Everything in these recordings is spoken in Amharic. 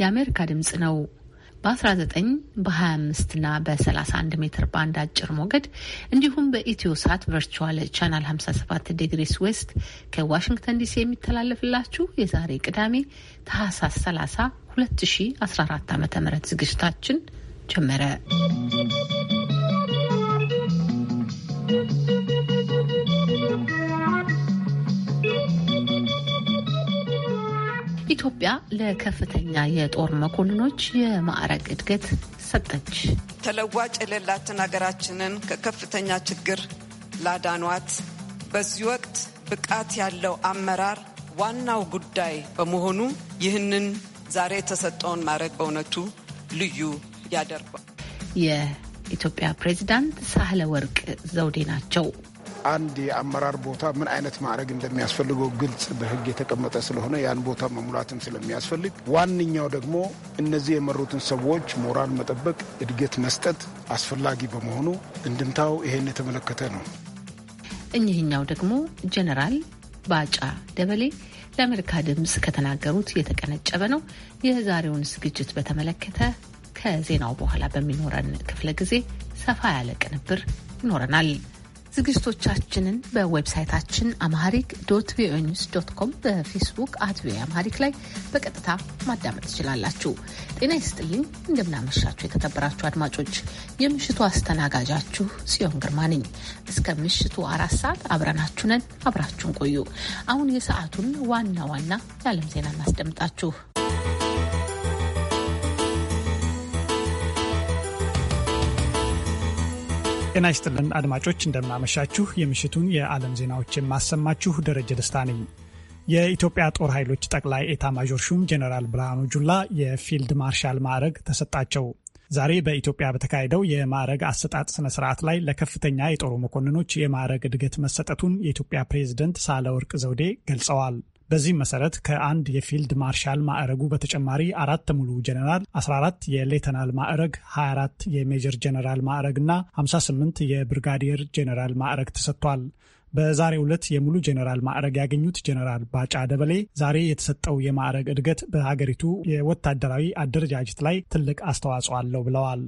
የአሜሪካ ድምፅ ነው። በ19 በ25 እና በ31 ሜትር ባንድ አጭር ሞገድ እንዲሁም በኢትዮ ሳት ቨርቹዋል ቻናል 57 ዲግሪስ ዌስት ከዋሽንግተን ዲሲ የሚተላለፍላችሁ የዛሬ ቅዳሜ ታህሳስ 30 2014 ዓ ም ዝግጅታችን ጀመረ። ኢትዮጵያ ለከፍተኛ የጦር መኮንኖች የማዕረግ እድገት ሰጠች። ተለዋጭ የሌላትን ሀገራችንን ከከፍተኛ ችግር ላዳኗት በዚህ ወቅት ብቃት ያለው አመራር ዋናው ጉዳይ በመሆኑ ይህንን ዛሬ የተሰጠውን ማዕረግ በእውነቱ ልዩ ያደርጓል። የኢትዮጵያ ፕሬዚዳንት ሳህለ ወርቅ ዘውዴ ናቸው። አንድ የአመራር ቦታ ምን አይነት ማዕረግ እንደሚያስፈልገው ግልጽ በህግ የተቀመጠ ስለሆነ ያን ቦታ መሙላትም ስለሚያስፈልግ ዋነኛው ደግሞ እነዚህ የመሩትን ሰዎች ሞራል መጠበቅ፣ እድገት መስጠት አስፈላጊ በመሆኑ እንድምታው ይሄን የተመለከተ ነው። እኚህኛው ደግሞ ጀነራል ባጫ ደበሌ ለአሜሪካ ድምፅ ከተናገሩት የተቀነጨበ ነው። የዛሬውን ዝግጅት በተመለከተ ከዜናው በኋላ በሚኖረን ክፍለ ጊዜ ሰፋ ያለ ቅንብር ይኖረናል። ዝግጅቶቻችንን በዌብሳይታችን አማሪክ ዶት ቪኦኤ ኒውስ ዶት ኮም በፌስቡክ አት ቪኦኤ አማሃሪክ ላይ በቀጥታ ማዳመጥ ትችላላችሁ። ጤና ይስጥልኝ፣ እንደምናመሻችሁ የተከበራችሁ አድማጮች፣ የምሽቱ አስተናጋጃችሁ ጽዮን ግርማ ነኝ። እስከ ምሽቱ አራት ሰዓት አብረናችሁ ነን። አብራችሁን ቆዩ። አሁን የሰዓቱን ዋና ዋና የዓለም ዜና እናስደምጣችሁ። ጤና ይስጥልን አድማጮች፣ እንደምናመሻችሁ። የምሽቱን የዓለም ዜናዎች የማሰማችሁ ደረጀ ደስታ ነኝ። የኢትዮጵያ ጦር ኃይሎች ጠቅላይ ማዦር ሹም ጀኔራል ብርሃኑ ጁላ የፊልድ ማርሻል ማዕረግ ተሰጣቸው። ዛሬ በኢትዮጵያ በተካሄደው የማዕረግ አሰጣጥ ስነ ስርዓት ላይ ለከፍተኛ የጦር መኮንኖች የማዕረግ እድገት መሰጠቱን የኢትዮጵያ ፕሬዝደንት ሳህለወርቅ ዘውዴ ገልጸዋል። በዚህም መሰረት ከአንድ የፊልድ ማርሻል ማዕረጉ በተጨማሪ አራት ሙሉ ጀነራል፣ 14 የሌተናል ማዕረግ፣ 24 የሜጀር ጀነራል ማዕረግ እና 58 የብርጋዲየር ጀነራል ማዕረግ ተሰጥቷል። በዛሬ ዕለት የሙሉ ጀነራል ማዕረግ ያገኙት ጀነራል ባጫ ደበሌ ዛሬ የተሰጠው የማዕረግ እድገት በሀገሪቱ የወታደራዊ አደረጃጀት ላይ ትልቅ አስተዋጽኦ አለው ብለዋል።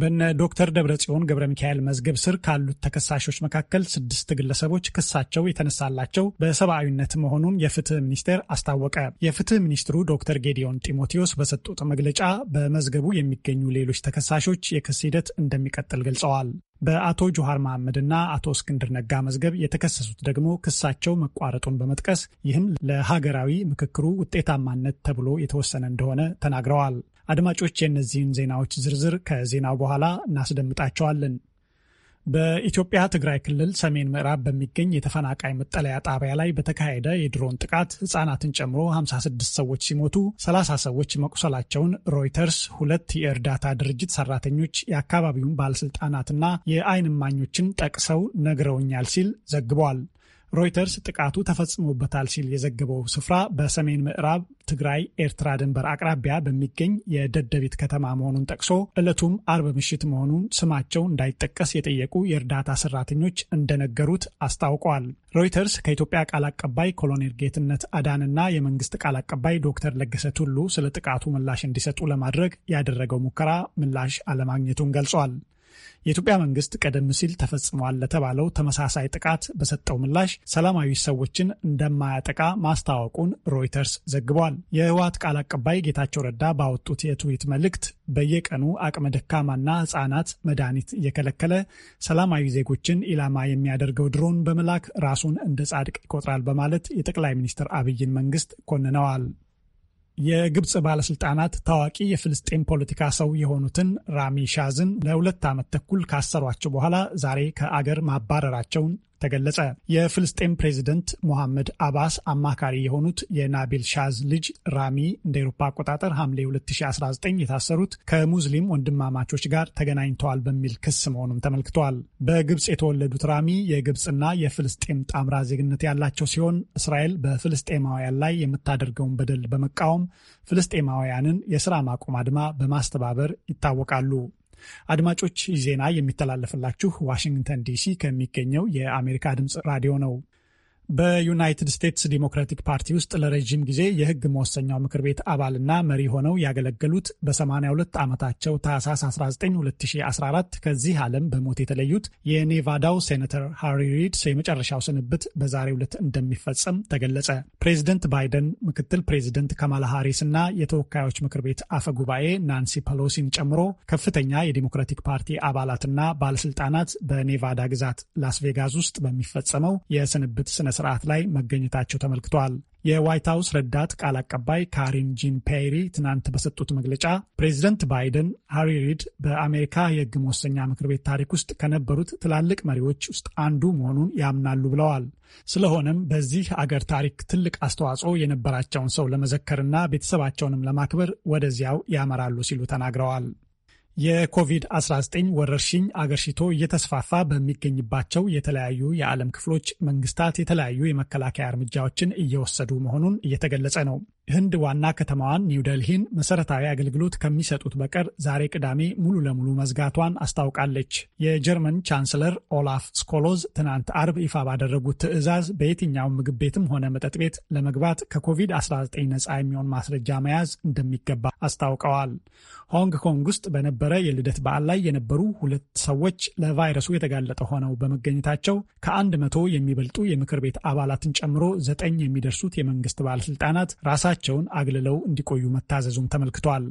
በነ ዶክተር ደብረጽዮን ገብረ ሚካኤል መዝገብ ስር ካሉት ተከሳሾች መካከል ስድስት ግለሰቦች ክሳቸው የተነሳላቸው በሰብአዊነት መሆኑን የፍትህ ሚኒስቴር አስታወቀ። የፍትህ ሚኒስትሩ ዶክተር ጌዲዮን ጢሞቴዎስ በሰጡት መግለጫ በመዝገቡ የሚገኙ ሌሎች ተከሳሾች የክስ ሂደት እንደሚቀጥል ገልጸዋል። በአቶ ጆሃር መሐመድ እና አቶ እስክንድር ነጋ መዝገብ የተከሰሱት ደግሞ ክሳቸው መቋረጡን በመጥቀስ ይህም ለሀገራዊ ምክክሩ ውጤታማነት ተብሎ የተወሰነ እንደሆነ ተናግረዋል። አድማጮች የእነዚህን ዜናዎች ዝርዝር ከዜናው በኋላ እናስደምጣቸዋለን። በኢትዮጵያ ትግራይ ክልል ሰሜን ምዕራብ በሚገኝ የተፈናቃይ መጠለያ ጣቢያ ላይ በተካሄደ የድሮን ጥቃት ሕፃናትን ጨምሮ 56 ሰዎች ሲሞቱ 30 ሰዎች መቁሰላቸውን ሮይተርስ ሁለት የእርዳታ ድርጅት ሰራተኞች የአካባቢውን ባለሥልጣናትና የዓይን እማኞችን ጠቅሰው ነግረውኛል ሲል ዘግቧል። ሮይተርስ ጥቃቱ ተፈጽሞበታል ሲል የዘገበው ስፍራ በሰሜን ምዕራብ ትግራይ ኤርትራ ድንበር አቅራቢያ በሚገኝ የደደቢት ከተማ መሆኑን ጠቅሶ ዕለቱም አርብ ምሽት መሆኑን ስማቸው እንዳይጠቀስ የጠየቁ የእርዳታ ሰራተኞች እንደነገሩት አስታውቀዋል። ሮይተርስ ከኢትዮጵያ ቃል አቀባይ ኮሎኔል ጌትነት አዳንና የመንግስት ቃል አቀባይ ዶክተር ለገሰ ቱሉ ስለ ጥቃቱ ምላሽ እንዲሰጡ ለማድረግ ያደረገው ሙከራ ምላሽ አለማግኘቱን ገልጿል። የኢትዮጵያ መንግስት ቀደም ሲል ተፈጽሟል ለተባለው ተመሳሳይ ጥቃት በሰጠው ምላሽ ሰላማዊ ሰዎችን እንደማያጠቃ ማስታወቁን ሮይተርስ ዘግቧል። የህወሓት ቃል አቀባይ ጌታቸው ረዳ ባወጡት የትዊት መልእክት በየቀኑ አቅመ ደካማና ህጻናት መድኃኒት እየከለከለ ሰላማዊ ዜጎችን ኢላማ የሚያደርገው ድሮን በመላክ ራሱን እንደ ጻድቅ ይቆጥራል በማለት የጠቅላይ ሚኒስትር አብይን መንግስት ኮንነዋል። የግብፅ ባለስልጣናት ታዋቂ የፍልስጤም ፖለቲካ ሰው የሆኑትን ራሚ ሻዝን ለሁለት ዓመት ተኩል ካሰሯቸው በኋላ ዛሬ ከአገር ማባረራቸውን ተገለጸ። የፍልስጤም ፕሬዚደንት ሞሐመድ አባስ አማካሪ የሆኑት የናቢል ሻዝ ልጅ ራሚ እንደ ኤሮፓ አቆጣጠር ሐምሌ 2019 የታሰሩት ከሙስሊም ወንድማማቾች ጋር ተገናኝተዋል በሚል ክስ መሆኑም ተመልክቷል። በግብፅ የተወለዱት ራሚ የግብፅና የፍልስጤም ጣምራ ዜግነት ያላቸው ሲሆን እስራኤል በፍልስጤማውያን ላይ የምታደርገውን በደል በመቃወም ፍልስጤማውያንን የስራ ማቆም አድማ በማስተባበር ይታወቃሉ። አድማጮች ዜና የሚተላለፍላችሁ ዋሽንግተን ዲሲ ከሚገኘው የአሜሪካ ድምፅ ራዲዮ ነው። በዩናይትድ ስቴትስ ዲሞክራቲክ ፓርቲ ውስጥ ለረዥም ጊዜ የህግ መወሰኛው ምክር ቤት አባልና መሪ ሆነው ያገለገሉት በ82 ዓመታቸው ታህሳስ 19 2014 ከዚህ ዓለም በሞት የተለዩት የኔቫዳው ሴኔተር ሃሪ ሪድስ የመጨረሻው ስንብት በዛሬው ዕለት እንደሚፈጸም ተገለጸ። ፕሬዚደንት ባይደን፣ ምክትል ፕሬዚደንት ካማላ ሃሪስ እና የተወካዮች ምክር ቤት አፈ ጉባኤ ናንሲ ፐሎሲን ጨምሮ ከፍተኛ የዲሞክራቲክ ፓርቲ አባላትና ባለስልጣናት በኔቫዳ ግዛት ላስቬጋስ ውስጥ በሚፈጸመው የስንብት ስነ ስርዓት ላይ መገኘታቸው ተመልክቷል። የዋይት ሀውስ ረዳት ቃል አቀባይ ካሪን ጂን ፔሪ ትናንት በሰጡት መግለጫ ፕሬዚደንት ባይደን ሃሪ ሪድ በአሜሪካ የህግ መወሰኛ ምክር ቤት ታሪክ ውስጥ ከነበሩት ትላልቅ መሪዎች ውስጥ አንዱ መሆኑን ያምናሉ ብለዋል። ስለሆነም በዚህ አገር ታሪክ ትልቅ አስተዋጽኦ የነበራቸውን ሰው ለመዘከርና ቤተሰባቸውንም ለማክበር ወደዚያው ያመራሉ ሲሉ ተናግረዋል። የኮቪድ-19 ወረርሽኝ አገርሽቶ እየተስፋፋ በሚገኝባቸው የተለያዩ የዓለም ክፍሎች መንግስታት የተለያዩ የመከላከያ እርምጃዎችን እየወሰዱ መሆኑን እየተገለጸ ነው። ህንድ ዋና ከተማዋን ኒውደልሂን መሰረታዊ አገልግሎት ከሚሰጡት በቀር ዛሬ ቅዳሜ ሙሉ ለሙሉ መዝጋቷን አስታውቃለች። የጀርመን ቻንስለር ኦላፍ ስኮሎዝ ትናንት አርብ ይፋ ባደረጉት ትዕዛዝ በየትኛውም ምግብ ቤትም ሆነ መጠጥ ቤት ለመግባት ከኮቪድ-19 ነጻ የሚሆን ማስረጃ መያዝ እንደሚገባ አስታውቀዋል። ሆንግ ኮንግ ውስጥ በነበረ የልደት በዓል ላይ የነበሩ ሁለት ሰዎች ለቫይረሱ የተጋለጠ ሆነው በመገኘታቸው ከአንድ መቶ የሚበልጡ የምክር ቤት አባላትን ጨምሮ ዘጠኝ የሚደርሱት የመንግስት ባለስልጣናት ራሳ ራሳቸውን እንዲቆዩ መታዘዙም ተመልክቷል።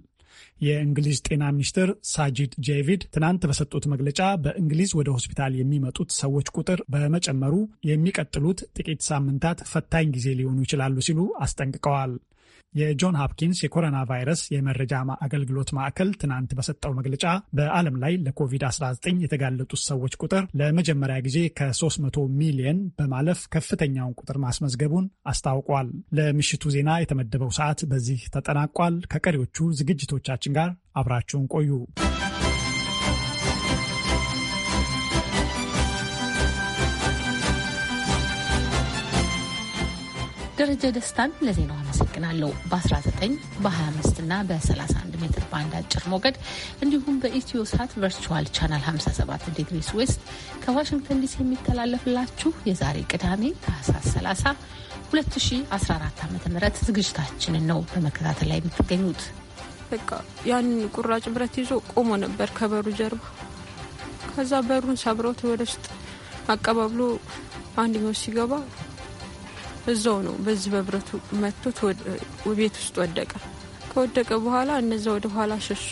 የእንግሊዝ ጤና ሚኒስትር ሳጂድ ጄቪድ ትናንት በሰጡት መግለጫ በእንግሊዝ ወደ ሆስፒታል የሚመጡት ሰዎች ቁጥር በመጨመሩ የሚቀጥሉት ጥቂት ሳምንታት ፈታኝ ጊዜ ሊሆኑ ይችላሉ ሲሉ አስጠንቅቀዋል። የጆን ሀፕኪንስ የኮሮና ቫይረስ የመረጃ አገልግሎት ማዕከል ትናንት በሰጠው መግለጫ በዓለም ላይ ለኮቪድ-19 የተጋለጡት ሰዎች ቁጥር ለመጀመሪያ ጊዜ ከ300 ሚሊየን በማለፍ ከፍተኛውን ቁጥር ማስመዝገቡን አስታውቋል። ለምሽቱ ዜና የተመደበው ሰዓት በዚህ ተጠናቋል። ከቀሪዎቹ ዝግጅቶቻችን ጋር አብራችሁን ቆዩ። ደረጀ ደስታን ለዜናው አመሰግናለሁ። በ19 በ25 እና በ31 ሜትር ባንድ አጭር ሞገድ እንዲሁም በኢትዮ ሳት ቨርቹዋል ቻናል 57 ዲግሪስ ዌስት ከዋሽንግተን ዲሲ የሚተላለፍላችሁ የዛሬ ቅዳሜ ታህሳስ 30 2014 ዓ ም ዝግጅታችንን ነው በመከታተል ላይ የምትገኙት። በቃ ያንን ቁራጭ ብረት ይዞ ቆሞ ነበር ከበሩ ጀርባ። ከዛ በሩን ሰብረውት ወደ ውስጥ አቀባብሎ አንደኛው ሲገባ እዛው ነው በዚህ በብረቱ መቶት ቤት ውስጥ ወደቀ። ከወደቀ በኋላ እነዛ ወደ ኋላ ሸሹ።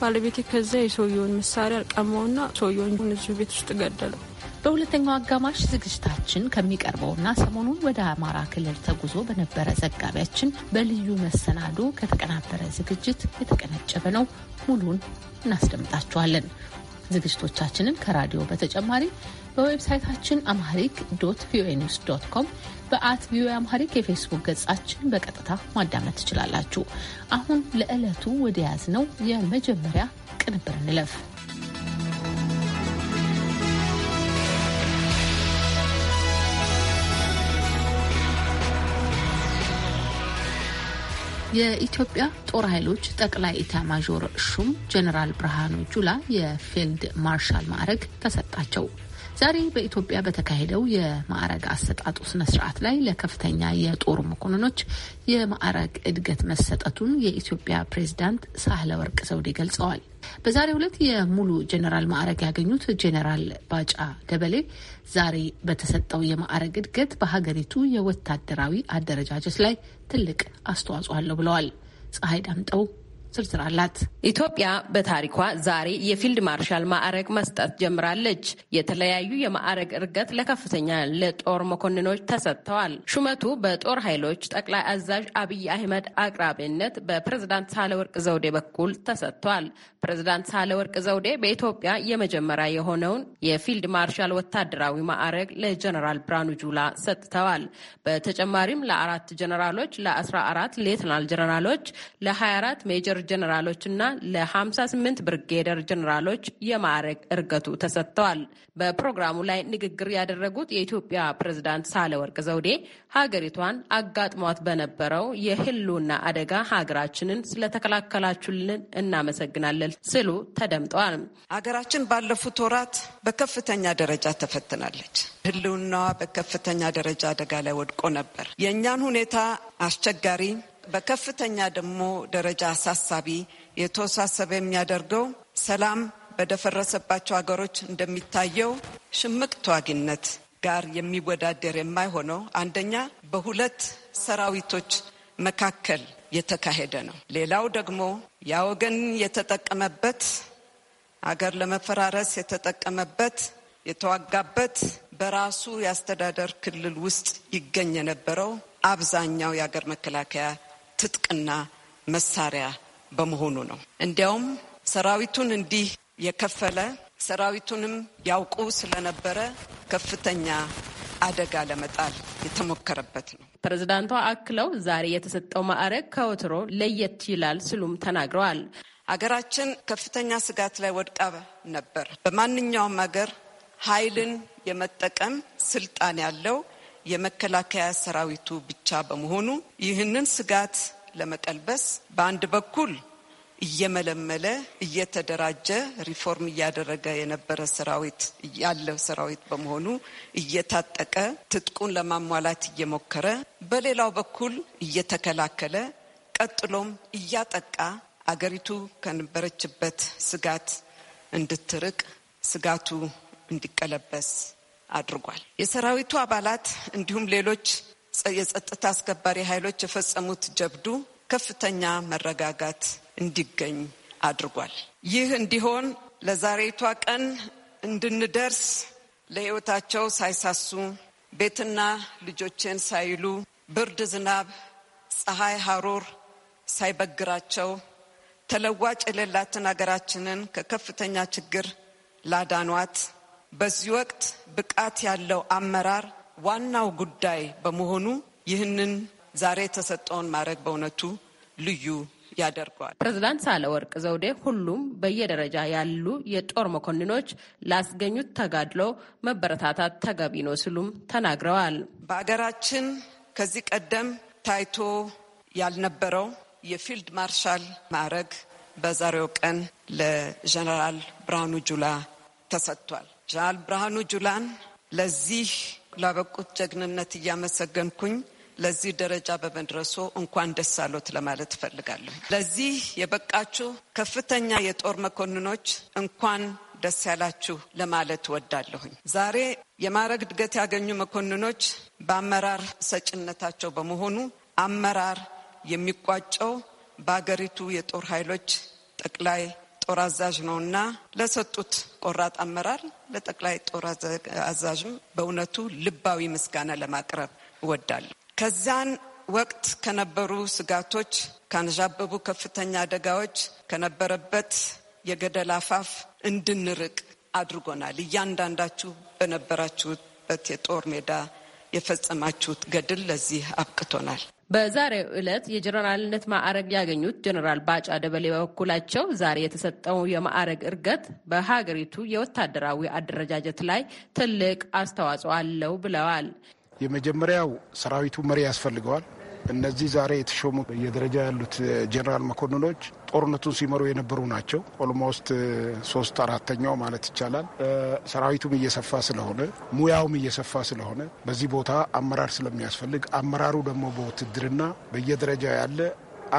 ባለቤቴ ከዚያ የሰውየውን መሳሪያ ቀመውና ሰውየውን እዚሁ ቤት ውስጥ ገደለው። በሁለተኛው አጋማሽ ዝግጅታችን ከሚቀርበውና ሰሞኑን ወደ አማራ ክልል ተጉዞ በነበረ ዘጋቢያችን በልዩ መሰናዶ ከተቀናበረ ዝግጅት የተቀነጨበ ነው። ሙሉን እናስደምጣችኋለን። ዝግጅቶቻችንን ከራዲዮ በተጨማሪ በዌብሳይታችን አምሃሪክ ዶት ቪኦኤ ኒውስ ዶት ኮም በአት ቪኦኤ አምሃሪክ የፌስቡክ ገጻችን በቀጥታ ማዳመጥ ትችላላችሁ። አሁን ለዕለቱ ወደ ያዝ ነው የመጀመሪያ ቅንብር እንለፍ። የኢትዮጵያ ጦር ኃይሎች ጠቅላይ ኢታማዦር ሹም ጀኔራል ብርሃኑ ጁላ የፊልድ ማርሻል ማዕረግ ተሰጣቸው። ዛሬ በኢትዮጵያ በተካሄደው የማዕረግ አሰጣጡ ስነ ስርዓት ላይ ለከፍተኛ የጦር መኮንኖች የማዕረግ እድገት መሰጠቱን የኢትዮጵያ ፕሬዝዳንት ሳህለ ወርቅ ዘውዴ ገልጸዋል። በዛሬው ዕለት የሙሉ ጀኔራል ማዕረግ ያገኙት ጄኔራል ባጫ ደበሌ ዛሬ በተሰጠው የማዕረግ እድገት በሀገሪቱ የወታደራዊ አደረጃጀት ላይ ትልቅ አስተዋጽኦ አለው ብለዋል። ፀሐይ ዳምጠው ዝርዝር አላት። ኢትዮጵያ በታሪኳ ዛሬ የፊልድ ማርሻል ማዕረግ መስጠት ጀምራለች። የተለያዩ የማዕረግ እርገት ለከፍተኛ ለጦር መኮንኖች ተሰጥተዋል። ሹመቱ በጦር ኃይሎች ጠቅላይ አዛዥ አብይ አህመድ አቅራቢነት በፕሬዝዳንት ሳህለወርቅ ዘውዴ በኩል ተሰጥቷል። ፕሬዝዳንት ሳህለወርቅ ዘውዴ በኢትዮጵያ የመጀመሪያ የሆነውን የፊልድ ማርሻል ወታደራዊ ማዕረግ ለጀነራል ብርሃኑ ጁላ ሰጥተዋል። በተጨማሪም ለአራት ጀነራሎች፣ ለአስራ አራት ሌትናል ጀነራሎች፣ ለ አራት ሜጀር ጀኔራሎችና ለ58 ብርጌደር ጀኔራሎች የማዕረግ እርገቱ ተሰጥተዋል። በፕሮግራሙ ላይ ንግግር ያደረጉት የኢትዮጵያ ፕሬዝዳንት ሳህለወርቅ ዘውዴ ሀገሪቷን አጋጥሟት በነበረው የህልውና አደጋ ሀገራችንን ስለተከላከላችሁልን እናመሰግናለን ሲሉ ተደምጠዋል። ሀገራችን ባለፉት ወራት በከፍተኛ ደረጃ ተፈትናለች። ህልውናዋ በከፍተኛ ደረጃ አደጋ ላይ ወድቆ ነበር። የእኛን ሁኔታ አስቸጋሪ በከፍተኛ ደግሞ ደረጃ አሳሳቢ የተወሳሰበ የሚያደርገው ሰላም በደፈረሰባቸው ሀገሮች እንደሚታየው ሽምቅ ተዋጊነት ጋር የሚወዳደር የማይሆነው አንደኛ በሁለት ሰራዊቶች መካከል የተካሄደ ነው። ሌላው ደግሞ ያ ወገን የተጠቀመበት አገር ለመፈራረስ የተጠቀመበት የተዋጋበት በራሱ የአስተዳደር ክልል ውስጥ ይገኝ የነበረው አብዛኛው የአገር መከላከያ ትጥቅና መሳሪያ በመሆኑ ነው። እንዲያውም ሰራዊቱን እንዲህ የከፈለ ሰራዊቱንም ያውቁ ስለነበረ ከፍተኛ አደጋ ለመጣል የተሞከረበት ነው። ፕሬዝዳንቷ አክለው ዛሬ የተሰጠው ማዕረግ ከወትሮ ለየት ይላል ሲሉም ተናግረዋል። አገራችን ከፍተኛ ስጋት ላይ ወድቃ ነበር። በማንኛውም አገር ኃይልን የመጠቀም ስልጣን ያለው የመከላከያ ሰራዊቱ ብቻ በመሆኑ ይህንን ስጋት ለመቀልበስ በአንድ በኩል እየመለመለ እየተደራጀ ሪፎርም እያደረገ የነበረ ሰራዊት ያለው ሰራዊት በመሆኑ እየታጠቀ ትጥቁን ለማሟላት እየሞከረ በሌላው በኩል እየተከላከለ ቀጥሎም እያጠቃ አገሪቱ ከነበረችበት ስጋት እንድትርቅ ስጋቱ እንዲቀለበስ አድርጓል። የሰራዊቱ አባላት እንዲሁም ሌሎች የጸጥታ አስከባሪ ኃይሎች የፈጸሙት ጀብዱ ከፍተኛ መረጋጋት እንዲገኝ አድርጓል። ይህ እንዲሆን ለዛሬቷ ቀን እንድንደርስ ለሕይወታቸው ሳይሳሱ ቤትና ልጆቼን ሳይሉ ብርድ፣ ዝናብ፣ ፀሐይ፣ ሐሩር ሳይበግራቸው ተለዋጭ የሌላትን አገራችንን ከከፍተኛ ችግር ላዳኗት በዚህ ወቅት ብቃት ያለው አመራር ዋናው ጉዳይ በመሆኑ ይህንን ዛሬ የተሰጠውን ማድረግ በእውነቱ ልዩ ያደርገዋል። ሳለ ሳህለወርቅ ዘውዴ ሁሉም በየደረጃ ያሉ የጦር መኮንኖች ላስገኙት ተጋድሎ መበረታታት ተገቢ ነው ሲሉም ተናግረዋል። በአገራችን ከዚህ ቀደም ታይቶ ያልነበረው የፊልድ ማርሻል ማዕረግ በዛሬው ቀን ለጀነራል ብርሃኑ ጁላ ተሰጥቷል። ጃል ብርሃኑ ጁላን ለዚህ ላበቁት ጀግንነት እያመሰገንኩኝ ለዚህ ደረጃ በመድረሶ እንኳን ደስ አሎት ለማለት እፈልጋለሁ። ለዚህ የበቃችሁ ከፍተኛ የጦር መኮንኖች እንኳን ደስ ያላችሁ ለማለት ወዳለሁኝ። ዛሬ የማዕረግ እድገት ያገኙ መኮንኖች በአመራር ሰጭነታቸው በመሆኑ አመራር የሚቋጨው በአገሪቱ የጦር ኃይሎች ጠቅላይ ጦር አዛዥ እና ለሰጡት ቆራጥ አመራር ለጠቅላይ ጦር አዛዥም በእውነቱ ልባዊ ምስጋና ለማቅረብ እወዳለሁ። ከዛን ወቅት ከነበሩ ስጋቶች፣ ካንዣበቡ ከፍተኛ አደጋዎች፣ ከነበረበት የገደል አፋፍ እንድንርቅ አድርጎናል። እያንዳንዳችሁ በነበራችሁበት የጦር ሜዳ የፈጸማችሁት ገድል ለዚህ አብቅቶናል። በዛሬው ዕለት የጀነራልነት ማዕረግ ያገኙት ጀነራል ባጫ ደበሌ በበኩላቸው ዛሬ የተሰጠው የማዕረግ እርገት በሀገሪቱ የወታደራዊ አደረጃጀት ላይ ትልቅ አስተዋጽኦ አለው ብለዋል። የመጀመሪያው ሰራዊቱ መሪ ያስፈልገዋል። እነዚህ ዛሬ የተሾሙ የደረጃ ያሉት ጀነራል መኮንኖች ጦርነቱን ሲመሩ የነበሩ ናቸው። ኦልሞስት ሶስት አራተኛው ማለት ይቻላል። ሰራዊቱም እየሰፋ ስለሆነ ሙያውም እየሰፋ ስለሆነ በዚህ ቦታ አመራር ስለሚያስፈልግ አመራሩ ደግሞ በውትድርና በየደረጃ ያለ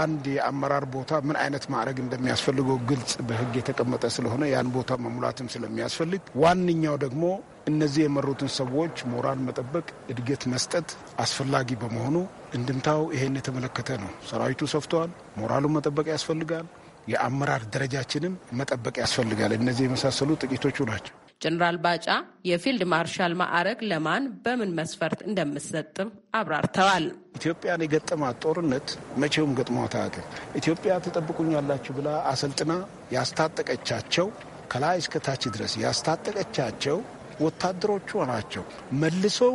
አንድ የአመራር ቦታ ምን አይነት ማዕረግ እንደሚያስፈልገው ግልጽ በሕግ የተቀመጠ ስለሆነ ያን ቦታ መሙላትም ስለሚያስፈልግ ዋነኛው ደግሞ እነዚህ የመሩትን ሰዎች ሞራል መጠበቅ፣ እድገት መስጠት አስፈላጊ በመሆኑ እንድምታው ይሄን የተመለከተ ነው። ሰራዊቱ ሰፍተዋል። ሞራሉን መጠበቅ ያስፈልጋል። የአመራር ደረጃችንም መጠበቅ ያስፈልጋል። እነዚህ የመሳሰሉ ጥቂቶቹ ናቸው። ጀኔራል ባጫ የፊልድ ማርሻል ማዕረግ ለማን በምን መስፈርት እንደምሰጥም አብራርተዋል። ኢትዮጵያን የገጠማት ጦርነት መቼውም ገጥሟት አያውቅም። ኢትዮጵያ ትጠብቁኛላችሁ ብላ አሰልጥና ያስታጠቀቻቸው ከላይ እስከታች ድረስ ያስታጠቀቻቸው ወታደሮቹ ናቸው መልሰው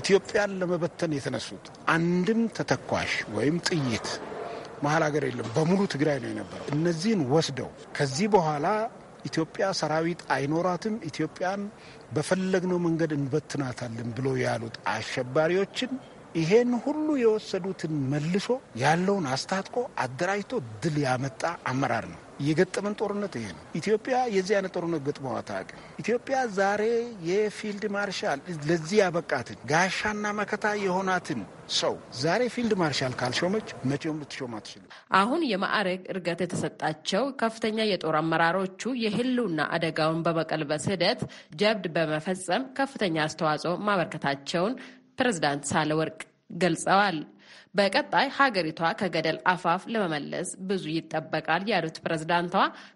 ኢትዮጵያን ለመበተን የተነሱት አንድም ተተኳሽ ወይም ጥይት መሀል ሀገር የለም። በሙሉ ትግራይ ነው የነበረው። እነዚህን ወስደው ከዚህ በኋላ ኢትዮጵያ ሰራዊት አይኖራትም፣ ኢትዮጵያን በፈለግነው መንገድ እንበትናታለን ብሎ ያሉት አሸባሪዎችን ይሄን ሁሉ የወሰዱትን መልሶ ያለውን አስታጥቆ አደራጅቶ ድል ያመጣ አመራር ነው። የገጠመን ጦርነት ይሄ ነው። ኢትዮጵያ የዚህ አይነት ጦርነት ገጥመዋ ታውቅም። ኢትዮጵያ ዛሬ የፊልድ ማርሻል ለዚህ ያበቃትን ጋሻና መከታ የሆናትን ሰው ዛሬ ፊልድ ማርሻል ካልሾመች መቼም ልትሾም አትችልም። አሁን የማዕረግ እርገት የተሰጣቸው ከፍተኛ የጦር አመራሮቹ የህልውና አደጋውን በመቀልበስ ሂደት ጀብድ በመፈጸም ከፍተኛ አስተዋጽኦ ማበርከታቸውን ፕሬዝዳንት ሳለወርቅ ገልጸዋል። በቀጣይ ሀገሪቷ ከገደል አፋፍ ለመመለስ ብዙ ይጠበቃል ያሉት ፕሬዝዳንቷ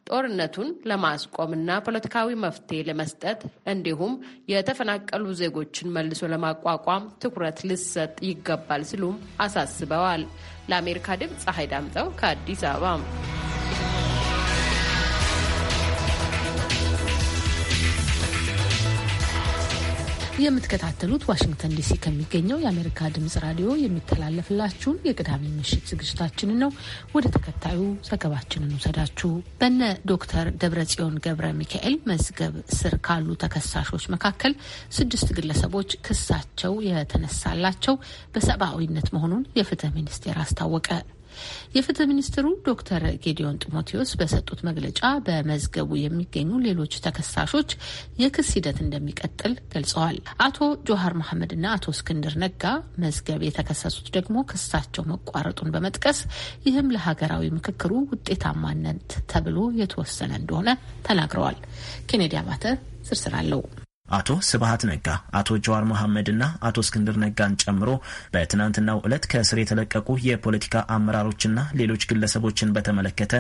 ጦርነቱን ለማስቆምና ፖለቲካዊ መፍትሄ ለመስጠት እንዲሁም የተፈናቀሉ ዜጎችን መልሶ ለማቋቋም ትኩረት ሊሰጥ ይገባል ሲሉም አሳስበዋል። ለአሜሪካ ድምፅ ፀሐይ ዳምጠው ከአዲስ አበባ የምትከታተሉት ዋሽንግተን ዲሲ ከሚገኘው የአሜሪካ ድምጽ ራዲዮ የሚተላለፍላችሁን የቅዳሜ ምሽት ዝግጅታችንን ነው። ወደ ተከታዩ ዘገባችንን ውሰዳችሁ። በነ ዶክተር ደብረጽዮን ገብረ ሚካኤል መዝገብ ስር ካሉ ተከሳሾች መካከል ስድስት ግለሰቦች ክሳቸው የተነሳላቸው በሰብአዊነት መሆኑን የፍትህ ሚኒስቴር አስታወቀ። የፍትህ ሚኒስትሩ ዶክተር ጌዲዮን ጢሞቴዎስ በሰጡት መግለጫ በመዝገቡ የሚገኙ ሌሎች ተከሳሾች የክስ ሂደት እንደሚቀጥል ገልጸዋል። አቶ ጆሀር መሐመድና አቶ እስክንድር ነጋ መዝገብ የተከሰሱት ደግሞ ክሳቸው መቋረጡን በመጥቀስ ይህም ለሀገራዊ ምክክሩ ውጤታማነት ተብሎ የተወሰነ እንደሆነ ተናግረዋል። ኬኔዲ አባተ ስርስራለው አቶ ስብሀት ነጋ፣ አቶ ጀዋር መሐመድና አቶ እስክንድር ነጋን ጨምሮ በትናንትናው ዕለት ከእስር የተለቀቁ የፖለቲካ አመራሮችና ሌሎች ግለሰቦችን በተመለከተ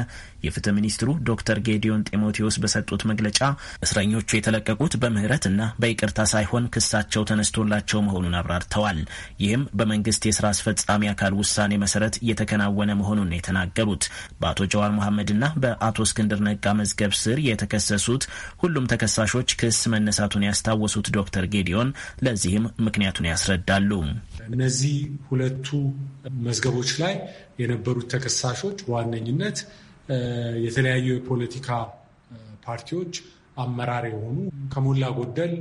የፍትህ ሚኒስትሩ ዶክተር ጌዲዮን ጢሞቴዎስ በሰጡት መግለጫ እስረኞቹ የተለቀቁት በምህረት እና በይቅርታ ሳይሆን ክሳቸው ተነስቶላቸው መሆኑን አብራርተዋል። ይህም በመንግስት የስራ አስፈጻሚ አካል ውሳኔ መሰረት እየተከናወነ መሆኑን የተናገሩት በአቶ ጀዋር መሐመድና በአቶ እስክንድር ነጋ መዝገብ ስር የተከሰሱት ሁሉም ተከሳሾች ክስ መነሳቱን ያስታወሱት ዶክተር ጌዲዮን ለዚህም ምክንያቱን ያስረዳሉ። እነዚህ ሁለቱ መዝገቦች ላይ የነበሩት ተከሳሾች በዋነኝነት የተለያዩ የፖለቲካ ፓርቲዎች አመራር የሆኑ ከሞላ ጎደል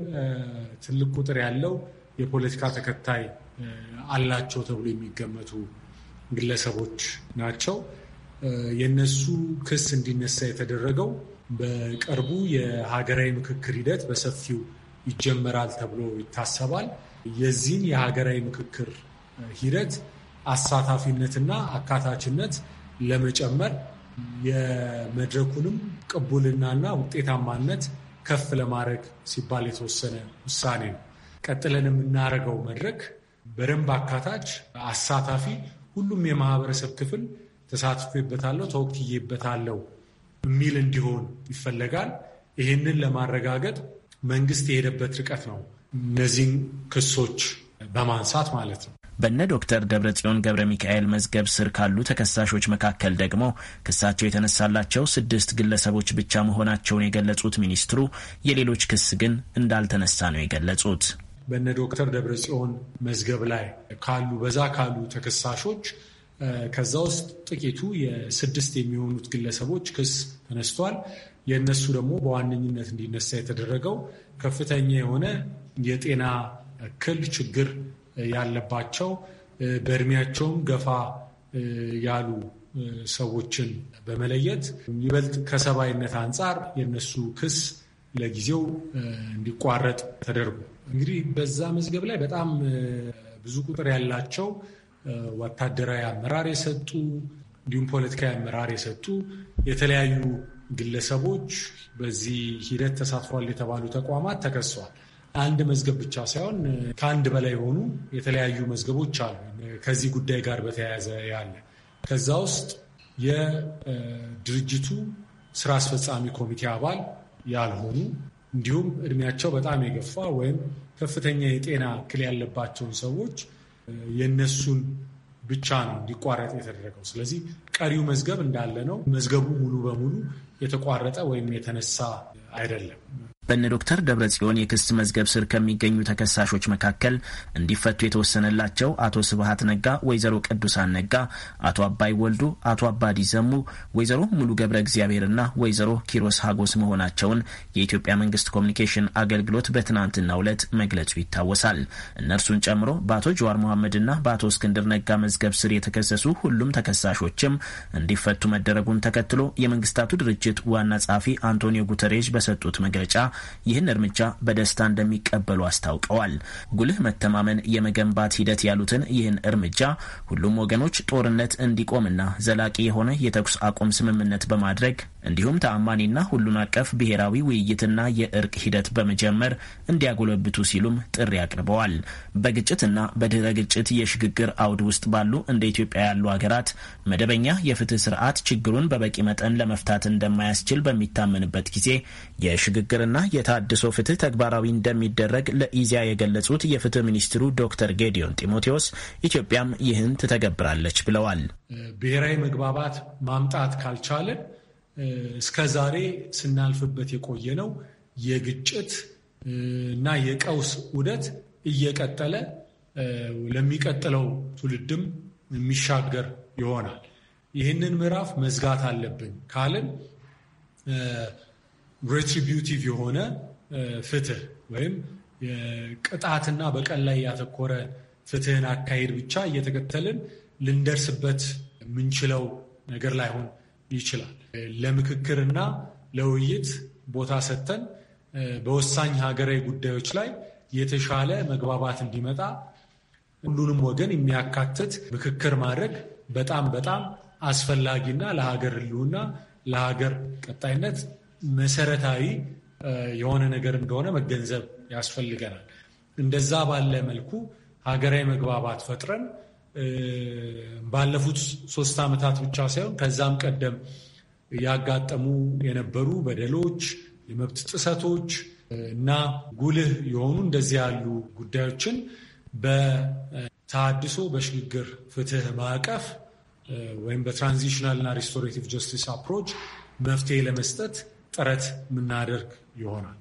ትልቅ ቁጥር ያለው የፖለቲካ ተከታይ አላቸው ተብሎ የሚገመቱ ግለሰቦች ናቸው። የነሱ ክስ እንዲነሳ የተደረገው በቅርቡ የሀገራዊ ምክክር ሂደት በሰፊው ይጀመራል ተብሎ ይታሰባል። የዚህን የሀገራዊ ምክክር ሂደት አሳታፊነትና አካታችነት ለመጨመር የመድረኩንም ቅቡልናና ውጤታማነት ከፍ ለማድረግ ሲባል የተወሰነ ውሳኔ ነው። ቀጥለን የምናደርገው መድረክ በደንብ አካታች፣ አሳታፊ፣ ሁሉም የማህበረሰብ ክፍል ተሳትፎበታለሁ፣ ተወክዬበታለሁ የሚል እንዲሆን ይፈለጋል። ይህንን ለማረጋገጥ መንግስት የሄደበት ርቀት ነው። እነዚህን ክሶች በማንሳት ማለት ነው። በነ ዶክተር ደብረጽዮን ገብረ ሚካኤል መዝገብ ስር ካሉ ተከሳሾች መካከል ደግሞ ክሳቸው የተነሳላቸው ስድስት ግለሰቦች ብቻ መሆናቸውን የገለጹት ሚኒስትሩ የሌሎች ክስ ግን እንዳልተነሳ ነው የገለጹት። በነ ዶክተር ደብረጽዮን መዝገብ ላይ ካሉ በዛ ካሉ ተከሳሾች ከዛ ውስጥ ጥቂቱ የስድስት የሚሆኑት ግለሰቦች ክስ ተነስቷል። የእነሱ ደግሞ በዋነኝነት እንዲነሳ የተደረገው ከፍተኛ የሆነ የጤና እክል ችግር ያለባቸው በእድሜያቸውም ገፋ ያሉ ሰዎችን በመለየት ይበልጥ ከሰብአዊነት አንጻር የነሱ ክስ ለጊዜው እንዲቋረጥ ተደርጎ እንግዲህ በዛ መዝገብ ላይ በጣም ብዙ ቁጥር ያላቸው ወታደራዊ አመራር የሰጡ እንዲሁም ፖለቲካዊ አመራር የሰጡ የተለያዩ ግለሰቦች በዚህ ሂደት ተሳትፏል የተባሉ ተቋማት ተከሰዋል። አንድ መዝገብ ብቻ ሳይሆን ከአንድ በላይ የሆኑ የተለያዩ መዝገቦች አሉ ከዚህ ጉዳይ ጋር በተያያዘ ያለ ከዛ ውስጥ የድርጅቱ ስራ አስፈጻሚ ኮሚቴ አባል ያልሆኑ እንዲሁም እድሜያቸው በጣም የገፋ ወይም ከፍተኛ የጤና እክል ያለባቸውን ሰዎች የነሱን ብቻ ነው እንዲቋረጥ የተደረገው። ስለዚህ ቀሪው መዝገብ እንዳለ ነው። መዝገቡ ሙሉ በሙሉ የተቋረጠ ወይም የተነሳ አይደለም። በእነ ዶክተር ደብረ ጽዮን የክስ መዝገብ ስር ከሚገኙ ተከሳሾች መካከል እንዲፈቱ የተወሰነላቸው አቶ ስብሀት ነጋ፣ ወይዘሮ ቅዱሳን ነጋ፣ አቶ አባይ ወልዱ፣ አቶ አባዲ ዘሙ፣ ወይዘሮ ሙሉ ገብረ እግዚአብሔርና ወይዘሮ ኪሮስ ሀጎስ መሆናቸውን የኢትዮጵያ መንግስት ኮሚኒኬሽን አገልግሎት በትናንትናው ዕለት መግለጹ ይታወሳል። እነርሱን ጨምሮ በአቶ ጀዋር መሐመድና በአቶ እስክንድር ነጋ መዝገብ ስር የተከሰሱ ሁሉም ተከሳሾችም እንዲፈቱ መደረጉን ተከትሎ የመንግስታቱ ድርጅት ዋና ጸሐፊ አንቶኒዮ ጉተሬዥ በሰጡት መግለጫ ይህን እርምጃ በደስታ እንደሚቀበሉ አስታውቀዋል። ጉልህ መተማመን የመገንባት ሂደት ያሉትን ይህን እርምጃ ሁሉም ወገኖች ጦርነት እንዲቆምና ዘላቂ የሆነ የተኩስ አቁም ስምምነት በማድረግ እንዲሁም ተአማኒና ሁሉን አቀፍ ብሔራዊ ውይይትና የእርቅ ሂደት በመጀመር እንዲያጎለብቱ ሲሉም ጥሪ አቅርበዋል። በግጭትና በድህረ ግጭት የሽግግር አውድ ውስጥ ባሉ እንደ ኢትዮጵያ ያሉ ሀገራት መደበኛ የፍትህ ስርዓት ችግሩን በበቂ መጠን ለመፍታት እንደማያስችል በሚታመንበት ጊዜ የሽግግርና የታድሶ ፍትህ ተግባራዊ እንደሚደረግ ለኢዚያ የገለጹት የፍትህ ሚኒስትሩ ዶክተር ጌዲዮን ጢሞቴዎስ ኢትዮጵያም ይህን ትተገብራለች ብለዋል። ብሔራዊ መግባባት ማምጣት ካልቻለን እስከ ዛሬ ስናልፍበት የቆየ ነው። የግጭት እና የቀውስ ውደት እየቀጠለ ለሚቀጥለው ትውልድም የሚሻገር ይሆናል። ይህንን ምዕራፍ መዝጋት አለብን ካልን ሬትሪቢቲቭ የሆነ ፍትህ ወይም ቅጣትና በቀል ላይ ያተኮረ ፍትህን አካሄድ ብቻ እየተከተልን ልንደርስበት የምንችለው ነገር ላይሆን ይችላል። ለምክክርና ለውይይት ቦታ ሰጥተን በወሳኝ ሀገራዊ ጉዳዮች ላይ የተሻለ መግባባት እንዲመጣ ሁሉንም ወገን የሚያካትት ምክክር ማድረግ በጣም በጣም አስፈላጊና ለሀገር ህልውና ለሀገር ቀጣይነት መሰረታዊ የሆነ ነገር እንደሆነ መገንዘብ ያስፈልገናል። እንደዛ ባለ መልኩ ሀገራዊ መግባባት ፈጥረን ባለፉት ሶስት ዓመታት ብቻ ሳይሆን ከዛም ቀደም ያጋጠሙ የነበሩ በደሎች፣ የመብት ጥሰቶች እና ጉልህ የሆኑ እንደዚህ ያሉ ጉዳዮችን በተሃድሶ በሽግግር ፍትህ ማዕቀፍ ወይም በትራንዚሽናል እና ሪስቶሬቲቭ ጀስቲስ አፕሮች መፍትሄ ለመስጠት ጥረት የምናደርግ ይሆናል።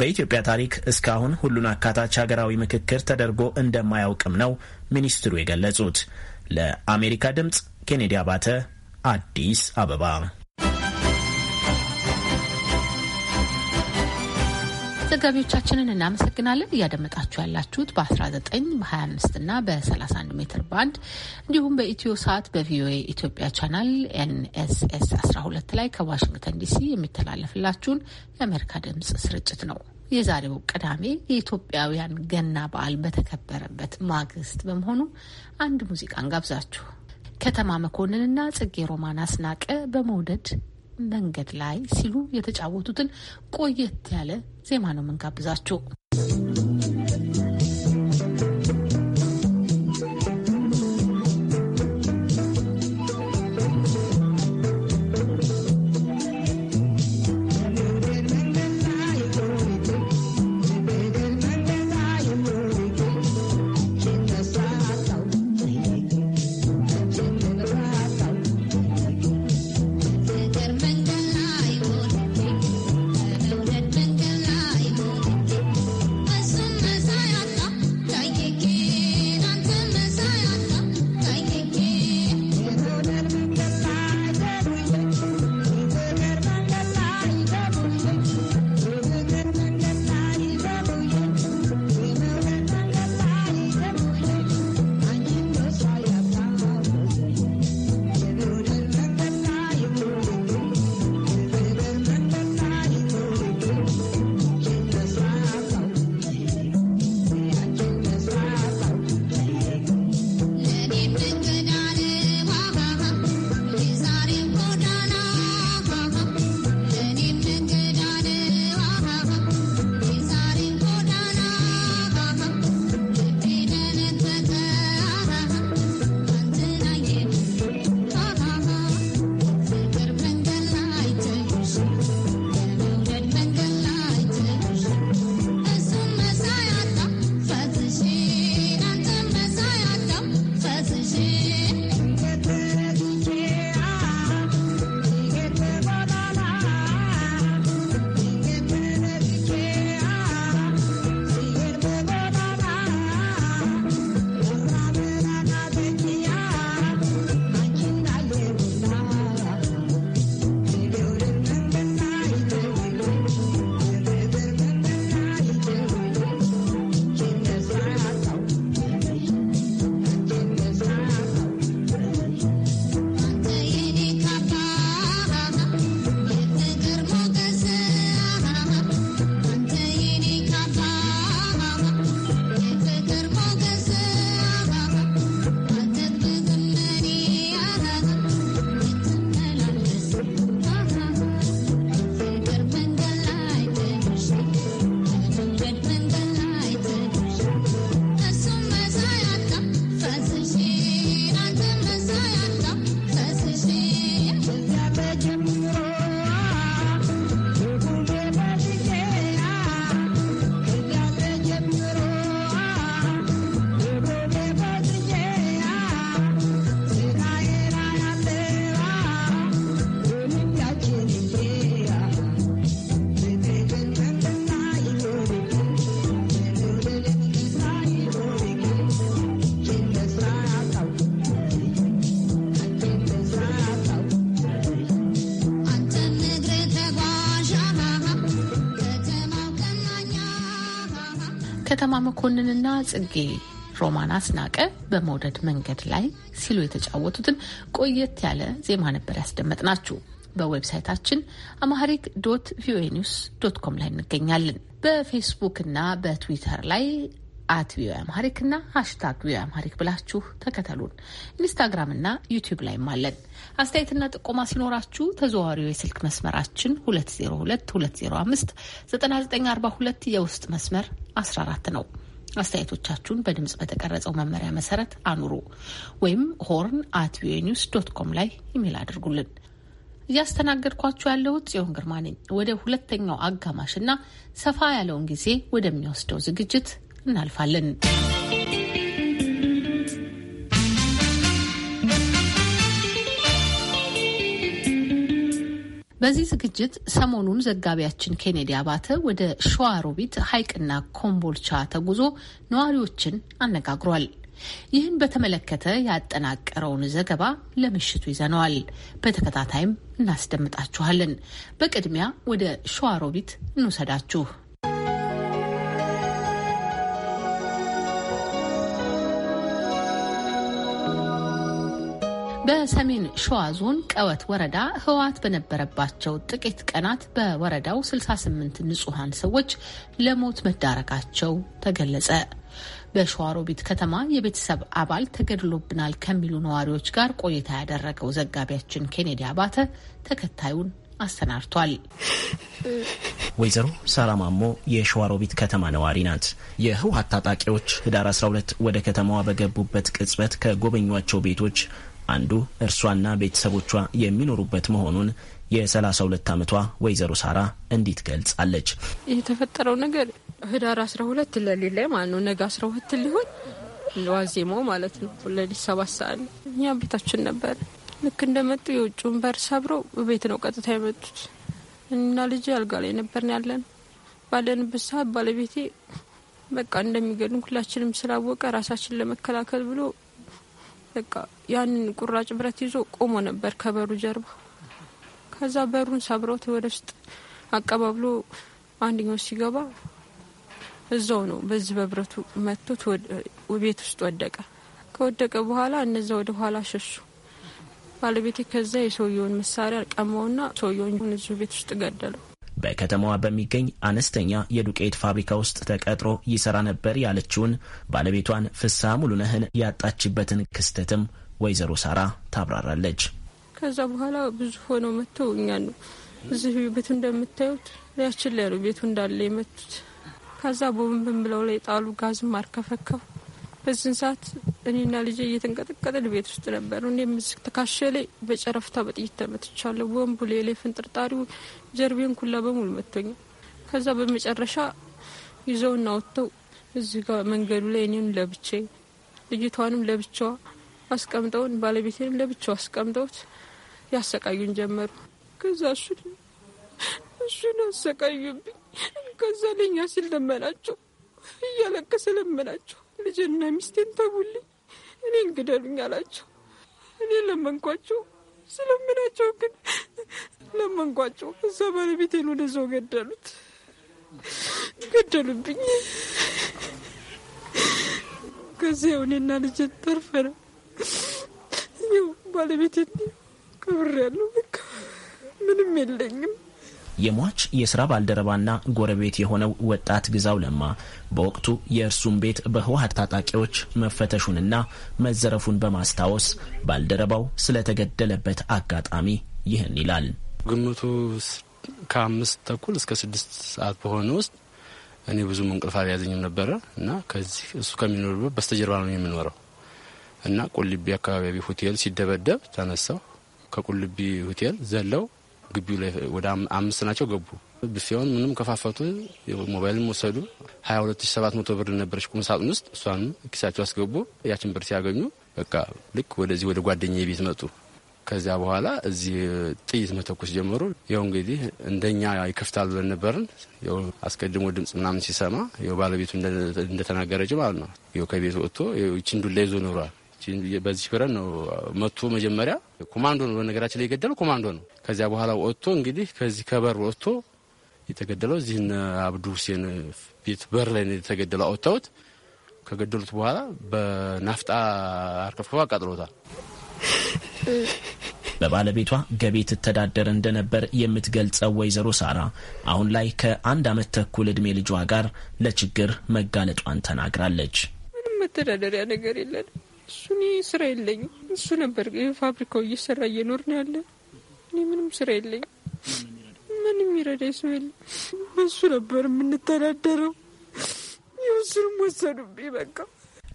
በኢትዮጵያ ታሪክ እስካሁን ሁሉን አካታች ሀገራዊ ምክክር ተደርጎ እንደማያውቅም ነው ሚኒስትሩ የገለጹት። ለአሜሪካ ድምፅ ኬኔዲ አባተ አዲስ አበባ ዘጋቢዎቻችንን እናመሰግናለን። እያደመጣችሁ ያላችሁት በ19 በ25 እና በ31 ሜትር ባንድ እንዲሁም በኢትዮ ሰዓት በቪኦኤ ኢትዮጵያ ቻናል ኤንኤስኤስ 12 ላይ ከዋሽንግተን ዲሲ የሚተላለፍላችሁን የአሜሪካ ድምፅ ስርጭት ነው። የዛሬው ቅዳሜ የኢትዮጵያውያን ገና በዓል በተከበረበት ማግስት በመሆኑ አንድ ሙዚቃን ጋብዛችሁ ከተማ መኮንንና ጽጌ ሮማን አስናቀ በመውደድ መንገድ ላይ ሲሉ የተጫወቱትን ቆየት ያለ ዜማ ነው የምንጋብዛችሁ። ከተማ መኮንንና ጽጌ ሮማን አስናቀ በመውደድ መንገድ ላይ ሲሉ የተጫወቱትን ቆየት ያለ ዜማ ነበር ያስደመጥናችሁ። በዌብሳይታችን አማሪክ ዶት ቪኦኤ ኒውስ ዶት ኮም ላይ እንገኛለን። በፌስቡክ እና በትዊተር ላይ አት ቪኦኤ አምሃሪክ እና ሀሽታግ ቪኦኤ አምሃሪክ ብላችሁ ተከተሉን። ኢንስታግራም እና ዩቲዩብ ላይም አለን። አስተያየትና ጥቆማ ሲኖራችሁ ተዘዋዋሪው የስልክ መስመራችን 2022059942 የውስጥ መስመር 14 ነው። አስተያየቶቻችሁን በድምጽ በተቀረጸው መመሪያ መሰረት አኑሩ ወይም ሆርን አት ቪኦኤ ኒውስ ዶት ኮም ላይ ኢሜል አድርጉልን። እያስተናገድኳችሁ ያለሁት ጽዮን ግርማ ነኝ። ወደ ሁለተኛው አጋማሽ እና ሰፋ ያለውን ጊዜ ወደሚወስደው ዝግጅት እናልፋለን። በዚህ ዝግጅት ሰሞኑን ዘጋቢያችን ኬኔዲ አባተ ወደ ሸዋሮቢት ሐይቅና ኮምቦልቻ ተጉዞ ነዋሪዎችን አነጋግሯል። ይህን በተመለከተ ያጠናቀረውን ዘገባ ለምሽቱ ይዘነዋል። በተከታታይም እናስደምጣችኋለን። በቅድሚያ ወደ ሸዋሮቢት እንውሰዳችሁ። በሰሜን ሸዋ ዞን ቀወት ወረዳ ህወሓት በነበረባቸው ጥቂት ቀናት በወረዳው 68 ንጹሐን ሰዎች ለሞት መዳረጋቸው ተገለጸ። በሸዋሮቢት ከተማ የቤተሰብ አባል ተገድሎብናል ከሚሉ ነዋሪዎች ጋር ቆይታ ያደረገው ዘጋቢያችን ኬኔዲ አባተ ተከታዩን አሰናድቷል። ወይዘሮ ሳራ ማሞ የሸዋሮቢት ከተማ ነዋሪ ናት። የህወሓት ታጣቂዎች ህዳር 12 ወደ ከተማዋ በገቡበት ቅጽበት ከጎበኟቸው ቤቶች አንዱ እርሷና ቤተሰቦቿ የሚኖሩበት መሆኑን የሰላሳ ሁለት ዓመቷ ወይዘሮ ሳራ እንዲት ገልጻለች። የተፈጠረው ነገር ህዳር 12 ሁለት ለሊት ላይ ማለት ነው። ነገ 12 ሊሆን ዋዜማው ማለት ነው። ለሊት ሰባት ሰዓት እኛ ቤታችን ነበር። ልክ እንደመጡ የውጭውን በር ሰብረው ቤት ነው ቀጥታ የመጡት እና ልጅ አልጋ ላይ ነበርን ያለን። ባለንበት ሰዓት ባለቤቴ በቃ እንደሚገድም ሁላችንም ስላወቀ ራሳችን ለመከላከል ብሎ በቃ ያንን ቁራጭ ብረት ይዞ ቆሞ ነበር ከበሩ ጀርባ። ከዛ በሩን ሰብረውት ወደ ውስጥ አቀባብሎ አንደኛው ሲገባ እዛው ነው በዚህ በብረቱ መቶት ቤት ውስጥ ወደቀ። ከወደቀ በኋላ እነዛ ወደ ኋላ ሸሹ። ባለቤቴ ከዛ የሰውየውን መሳሪያ ቀማውና ሰውየውን እዚሁ ቤት ውስጥ ገደለው። በከተማዋ በሚገኝ አነስተኛ የዱቄት ፋብሪካ ውስጥ ተቀጥሮ ይሰራ ነበር ያለችውን ባለቤቷን ፍስሐ ሙሉነህን ያጣችበትን ክስተትም ወይዘሮ ሳራ ታብራራለች። ከዛ በኋላ ብዙ ሆነው መጥተው እኛ ነው እዚህ ቤት እንደምታዩት ያችን ላይ ነው ቤቱ እንዳለ የመቱት። ከዛ ቦምብን ብለው ላይ ጣሉ። ጋዝም አርከፈከፉ። በዚህን ሰዓት እኔና ልጄ እየተንቀጠቀጠን ቤት ውስጥ ነበር። እኔ ምስክ ተካሸለ በጨረፍታ በጥይት ተመትቻለሁ። ወንቡ ሌሌ ፍንጥርጣሪው ጀርቤን ኩላ በሙሉ መቶኛል። ከዛ በመጨረሻ ይዘውና ወጥተው እዚህ ጋር መንገዱ ላይ እኔን ለብቼ ልጅቷንም ለብቻዋ አስቀምጠውን ባለቤቴንም ለብቻው አስቀምጠውት ያሰቃዩን ጀመሩ። ከዛ እሱን እሱን አሰቃዩብኝ። ከዛ ለኛ ሲል ለመናቸው እያለቀሰ ለመናቸው ልጅና ሚስቴን ተውልኝ፣ እኔን ግደሉኝ አላቸው። እኔ ለመንኳቸው፣ ስለምናቸው ግን ለመንኳቸው። እዛ ባለቤቴን ወደዛው ገደሉት፣ ገደሉብኝ። ከዚያው እኔና ልጄን ተርፈናል። ይኸው ባለቤቴን ቀብሬያለሁ። በቃ ምንም የለኝም። የሟች የስራ ባልደረባና ጎረቤት የሆነው ወጣት ግዛው ለማ በወቅቱ የእርሱን ቤት በህወሀት ታጣቂዎች መፈተሹንና መዘረፉን በማስታወስ ባልደረባው ስለተገደለበት አጋጣሚ ይህን ይላል። ግምቱ ከአምስት ተኩል እስከ ስድስት ሰዓት በሆነ ውስጥ እኔ ብዙም እንቅልፍ አልያዘኝም ነበረ እና ከዚህ እሱ ከሚኖርበት በስተጀርባ ነው የምኖረው እና ቁልቢ አካባቢ ሆቴል ሲደበደብ ተነሳው። ከቁልቢ ሆቴል ዘለው ግቢው ላይ ወደ አምስት ናቸው ገቡ። ብፌውን ምንም ከፋፈቱ፣ ሞባይልም ወሰዱ። ሀያ ሁለት ሺ ሰባት መቶ ብር ነበረች ቁም ሳጥን ውስጥ እሷን ኪሳቸው አስገቡ። ያችን ብር ሲያገኙ በቃ ልክ ወደዚህ ወደ ጓደኛ ቤት መጡ። ከዚያ በኋላ እዚህ ጥይት መተኮስ ጀመሩ። ያው እንግዲህ እንደኛ ይከፍታል ብለን ነበርን። ያው አስቀድሞ ድምፅ ምናምን ሲሰማ ያው ባለቤቱ እንደተናገረች ማለት ነው። ከቤት ወጥቶ ይችን ዱላ ይዞ ኖሯል። በዚህ ብረን ነው መቶ መጀመሪያ ኮማንዶ ነው በነገራችን ላይ የገደለው ኮማንዶ ነው። ከዚያ በኋላ ወጥቶ እንግዲህ ከዚህ ከበር ወጥቶ የተገደለው እዚህ አብዱ ሁሴን ቤት በር ላይ ነው የተገደለው። አወጣሁት ከገደሉት በኋላ በናፍጣ አርከፍክፎ አቃጥሎታል። በባለቤቷ ገቢ ትተዳደር እንደነበር የምትገልጸው ወይዘሮ ሳራ አሁን ላይ ከአንድ ዓመት ተኩል ዕድሜ ልጇ ጋር ለችግር መጋለጧን ተናግራለች። ምንም መተዳደሪያ ነገር የለንም እሱን ስራ የለኝ እሱ ነበር ፋብሪካው እየሰራ እየኖር ነው ያለ። እኔ ምንም ስራ የለኝም። ምንም ይረዳኝ ሰው እሱ ነበር የምንተዳደረው። የእሱንም ወሰዱብኝ በቃ።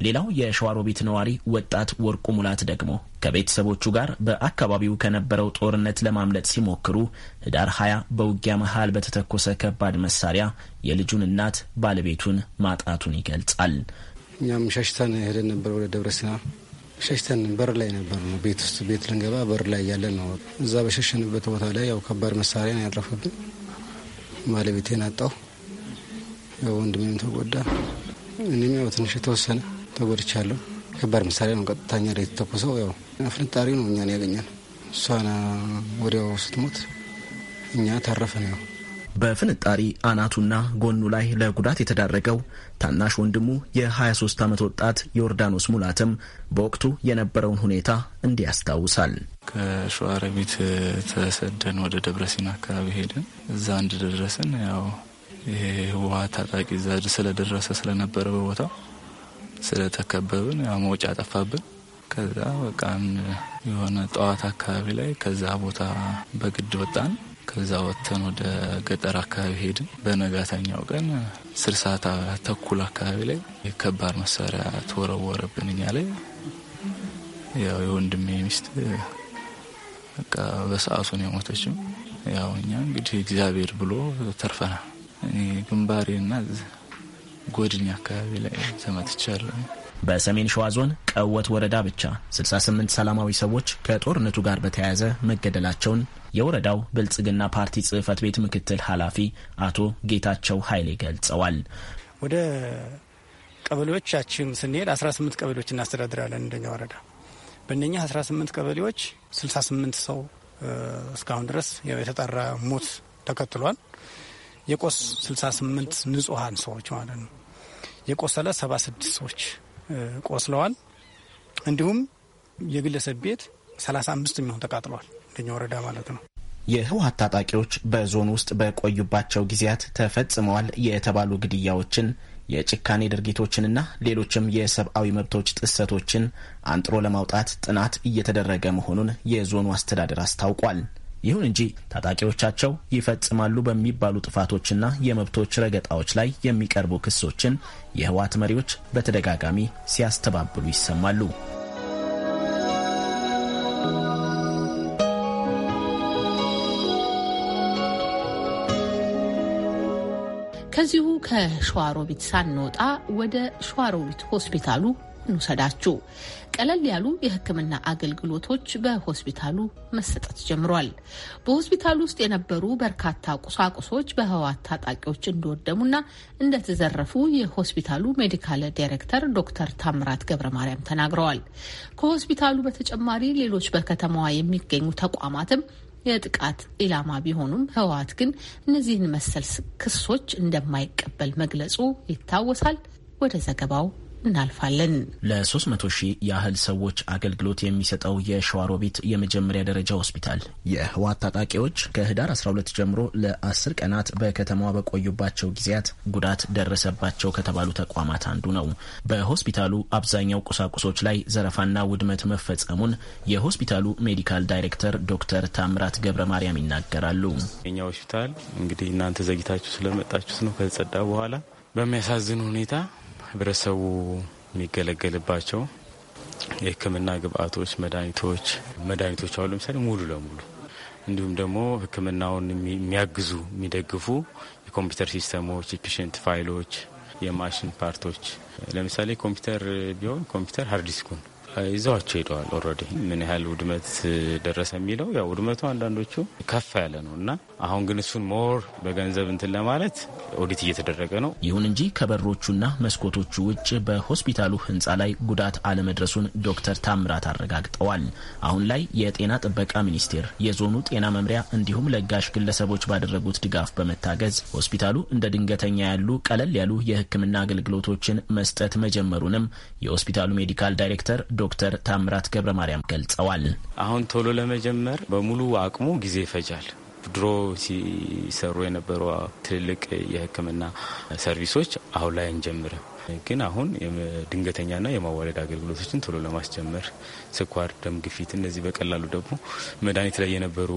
ሌላው የሸዋሮቢት ነዋሪ ወጣት ወርቁ ሙላት ደግሞ ከቤተሰቦቹ ጋር በአካባቢው ከነበረው ጦርነት ለማምለጥ ሲሞክሩ ህዳር ሀያ በውጊያ መሀል በተተኮሰ ከባድ መሳሪያ የልጁን እናት ባለቤቱን ማጣቱን ይገልጻል። እኛም ሸሽተን ሄደን ነበር ወደ ደብረ ሲና ሸሽተን በር ላይ ነበር ነው ቤት ውስጥ ቤት ልንገባ በር ላይ ያለን ነው። እዛ በሸሸንበት ቦታ ላይ ያው ከባድ መሳሪያ ነው ያረፈብን። ባለቤቴን አጣሁ፣ ያው ወንድሜም ተጎዳ፣ እኔም ያው ትንሽ የተወሰነ ተጎድቻለሁ። ከባድ መሳሪያ ነው ቀጥታኛ ላይ የተተኮሰው። ያው አፍንጣሪ ነው እኛን ያገኘን። እሷን ወዲያው ስትሞት እኛ ታረፈን ያው በፍንጣሪ አናቱና ጎኑ ላይ ለጉዳት የተዳረገው ታናሽ ወንድሙ የ23 ዓመት ወጣት ዮርዳኖስ ሙላትም በወቅቱ የነበረውን ሁኔታ እንዲህ ያስታውሳል። ከሸዋሮቢት ተሰደን ወደ ደብረሲና አካባቢ ሄደን እዛ እንደደረስን ያው ይሄ ታጣቂ እዛ ስለደረሰ ስለነበረ በቦታው ስለተከበብን ያው መውጫ ጠፋብን። ከዛ በቃ የሆነ ጠዋት አካባቢ ላይ ከዛ ቦታ በግድ ወጣን። ከዛ ወጥተን ወደ ገጠር አካባቢ ሄድን። በነጋታኛው ቀን ስር ሰዓት ተኩል አካባቢ ላይ ከባድ መሳሪያ ተወረወረብን እኛ ላይ። ያው የወንድሜ ሚስት በቃ በሰዓቱ ነው የሞተችም። ያው እኛ እንግዲህ እግዚአብሔር ብሎ ተርፈናል። እኔ ግንባሬና ጎድኝ አካባቢ ላይ ተመትቻለሁ። በሰሜን ሸዋ ዞን ቀወት ወረዳ ብቻ 68 ሰላማዊ ሰዎች ከጦርነቱ ጋር በተያያዘ መገደላቸውን የወረዳው ብልጽግና ፓርቲ ጽህፈት ቤት ምክትል ኃላፊ አቶ ጌታቸው ኃይሌ ገልጸዋል። ወደ ቀበሌዎቻችን ስንሄድ 18 ቀበሌዎች እናስተዳድራለን እንደኛ ወረዳ። በእነኛ 18 ቀበሌዎች 68 ሰው እስካሁን ድረስ የተጠራ ሞት ተከትሏል። የቆስ 68 ንጹሀን ሰዎች ማለት ነው። የቆሰለ 76 ሰዎች ቆስለዋል። እንዲሁም የግለሰብ ቤት 35 የሚሆን ተቃጥሏል። እንደኛ ወረዳ ማለት ነው። የህወሀት ታጣቂዎች በዞን ውስጥ በቆዩባቸው ጊዜያት ተፈጽመዋል የተባሉ ግድያዎችን የጭካኔ ድርጊቶችንና ሌሎችም የሰብአዊ መብቶች ጥሰቶችን አንጥሮ ለማውጣት ጥናት እየተደረገ መሆኑን የዞኑ አስተዳደር አስታውቋል። ይሁን እንጂ ታጣቂዎቻቸው ይፈጽማሉ በሚባሉ ጥፋቶችና የመብቶች ረገጣዎች ላይ የሚቀርቡ ክሶችን የህወሀት መሪዎች በተደጋጋሚ ሲያስተባብሉ ይሰማሉ። ከዚሁ ከሸዋሮቢት ሳንወጣ ወደ ሸዋሮቢት ሆስፒታሉ እንውሰዳችሁ። ቀለል ያሉ የሕክምና አገልግሎቶች በሆስፒታሉ መሰጠት ጀምሯል። በሆስፒታሉ ውስጥ የነበሩ በርካታ ቁሳቁሶች በህወሓት ታጣቂዎች እንደወደሙና እንደተዘረፉ የሆስፒታሉ ሜዲካል ዳይሬክተር ዶክተር ታምራት ገብረ ማርያም ተናግረዋል። ከሆስፒታሉ በተጨማሪ ሌሎች በከተማዋ የሚገኙ ተቋማትም የጥቃት ኢላማ ቢሆኑም ህወሀት ግን እነዚህን መሰል ክሶች እንደማይቀበል መግለጹ ይታወሳል። ወደ ዘገባው እናልፋለን። ለ300 ሺህ ያህል ሰዎች አገልግሎት የሚሰጠው የሸዋሮቢት የመጀመሪያ ደረጃ ሆስፒታል የህወሓት ታጣቂዎች ከህዳር 12 ጀምሮ ለ10 ቀናት በከተማዋ በቆዩባቸው ጊዜያት ጉዳት ደረሰባቸው ከተባሉ ተቋማት አንዱ ነው። በሆስፒታሉ አብዛኛው ቁሳቁሶች ላይ ዘረፋና ውድመት መፈጸሙን የሆስፒታሉ ሜዲካል ዳይሬክተር ዶክተር ታምራት ገብረ ማርያም ይናገራሉ። የኛ ሆስፒታል እንግዲህ እናንተ ዘግይታችሁ ስለመጣችሁት ነው ከተጸዳ በኋላ በሚያሳዝን ሁኔታ ህብረተሰቡ የሚገለገልባቸው የህክምና ግብአቶች፣ መድኃኒቶች መድኃኒቶች አሉ ለምሳሌ ሙሉ ለሙሉ እንዲሁም ደግሞ ህክምናውን የሚያግዙ የሚደግፉ የኮምፒውተር ሲስተሞች፣ የፔሽንት ፋይሎች፣ የማሽን ፓርቶች ለምሳሌ ኮምፒውተር ቢሆን ኮምፒውተር ሀርዲስኩን ይዘዋቸው ሄደዋል። ኦልሬዲ ምን ያህል ውድመት ደረሰ የሚለው ያው ውድመቱ አንዳንዶቹ ከፍ ያለ ነው እና አሁን ግን እሱን ሞር በገንዘብ እንትን ለማለት ኦዲት እየተደረገ ነው። ይሁን እንጂ ከበሮቹና መስኮቶቹ ውጭ በሆስፒታሉ ህንፃ ላይ ጉዳት አለመድረሱን ዶክተር ታምራት አረጋግጠዋል። አሁን ላይ የጤና ጥበቃ ሚኒስቴር፣ የዞኑ ጤና መምሪያ እንዲሁም ለጋሽ ግለሰቦች ባደረጉት ድጋፍ በመታገዝ ሆስፒታሉ እንደ ድንገተኛ ያሉ ቀለል ያሉ የህክምና አገልግሎቶችን መስጠት መጀመሩንም የሆስፒታሉ ሜዲካል ዳይሬክተር ዶክተር ታምራት ገብረ ማርያም ገልጸዋል። አሁን ቶሎ ለመጀመር በሙሉ አቅሙ ጊዜ ይፈጃል። ድሮ ሲሰሩ የነበሩ ትልልቅ የሕክምና ሰርቪሶች አሁን ላይ አንጀምርም ግን አሁን ድንገተኛና የማዋለድ አገልግሎቶችን ቶሎ ለማስጀመር ስኳር፣ ደም ግፊት እነዚህ በቀላሉ ደግሞ መድኃኒት ላይ የነበሩ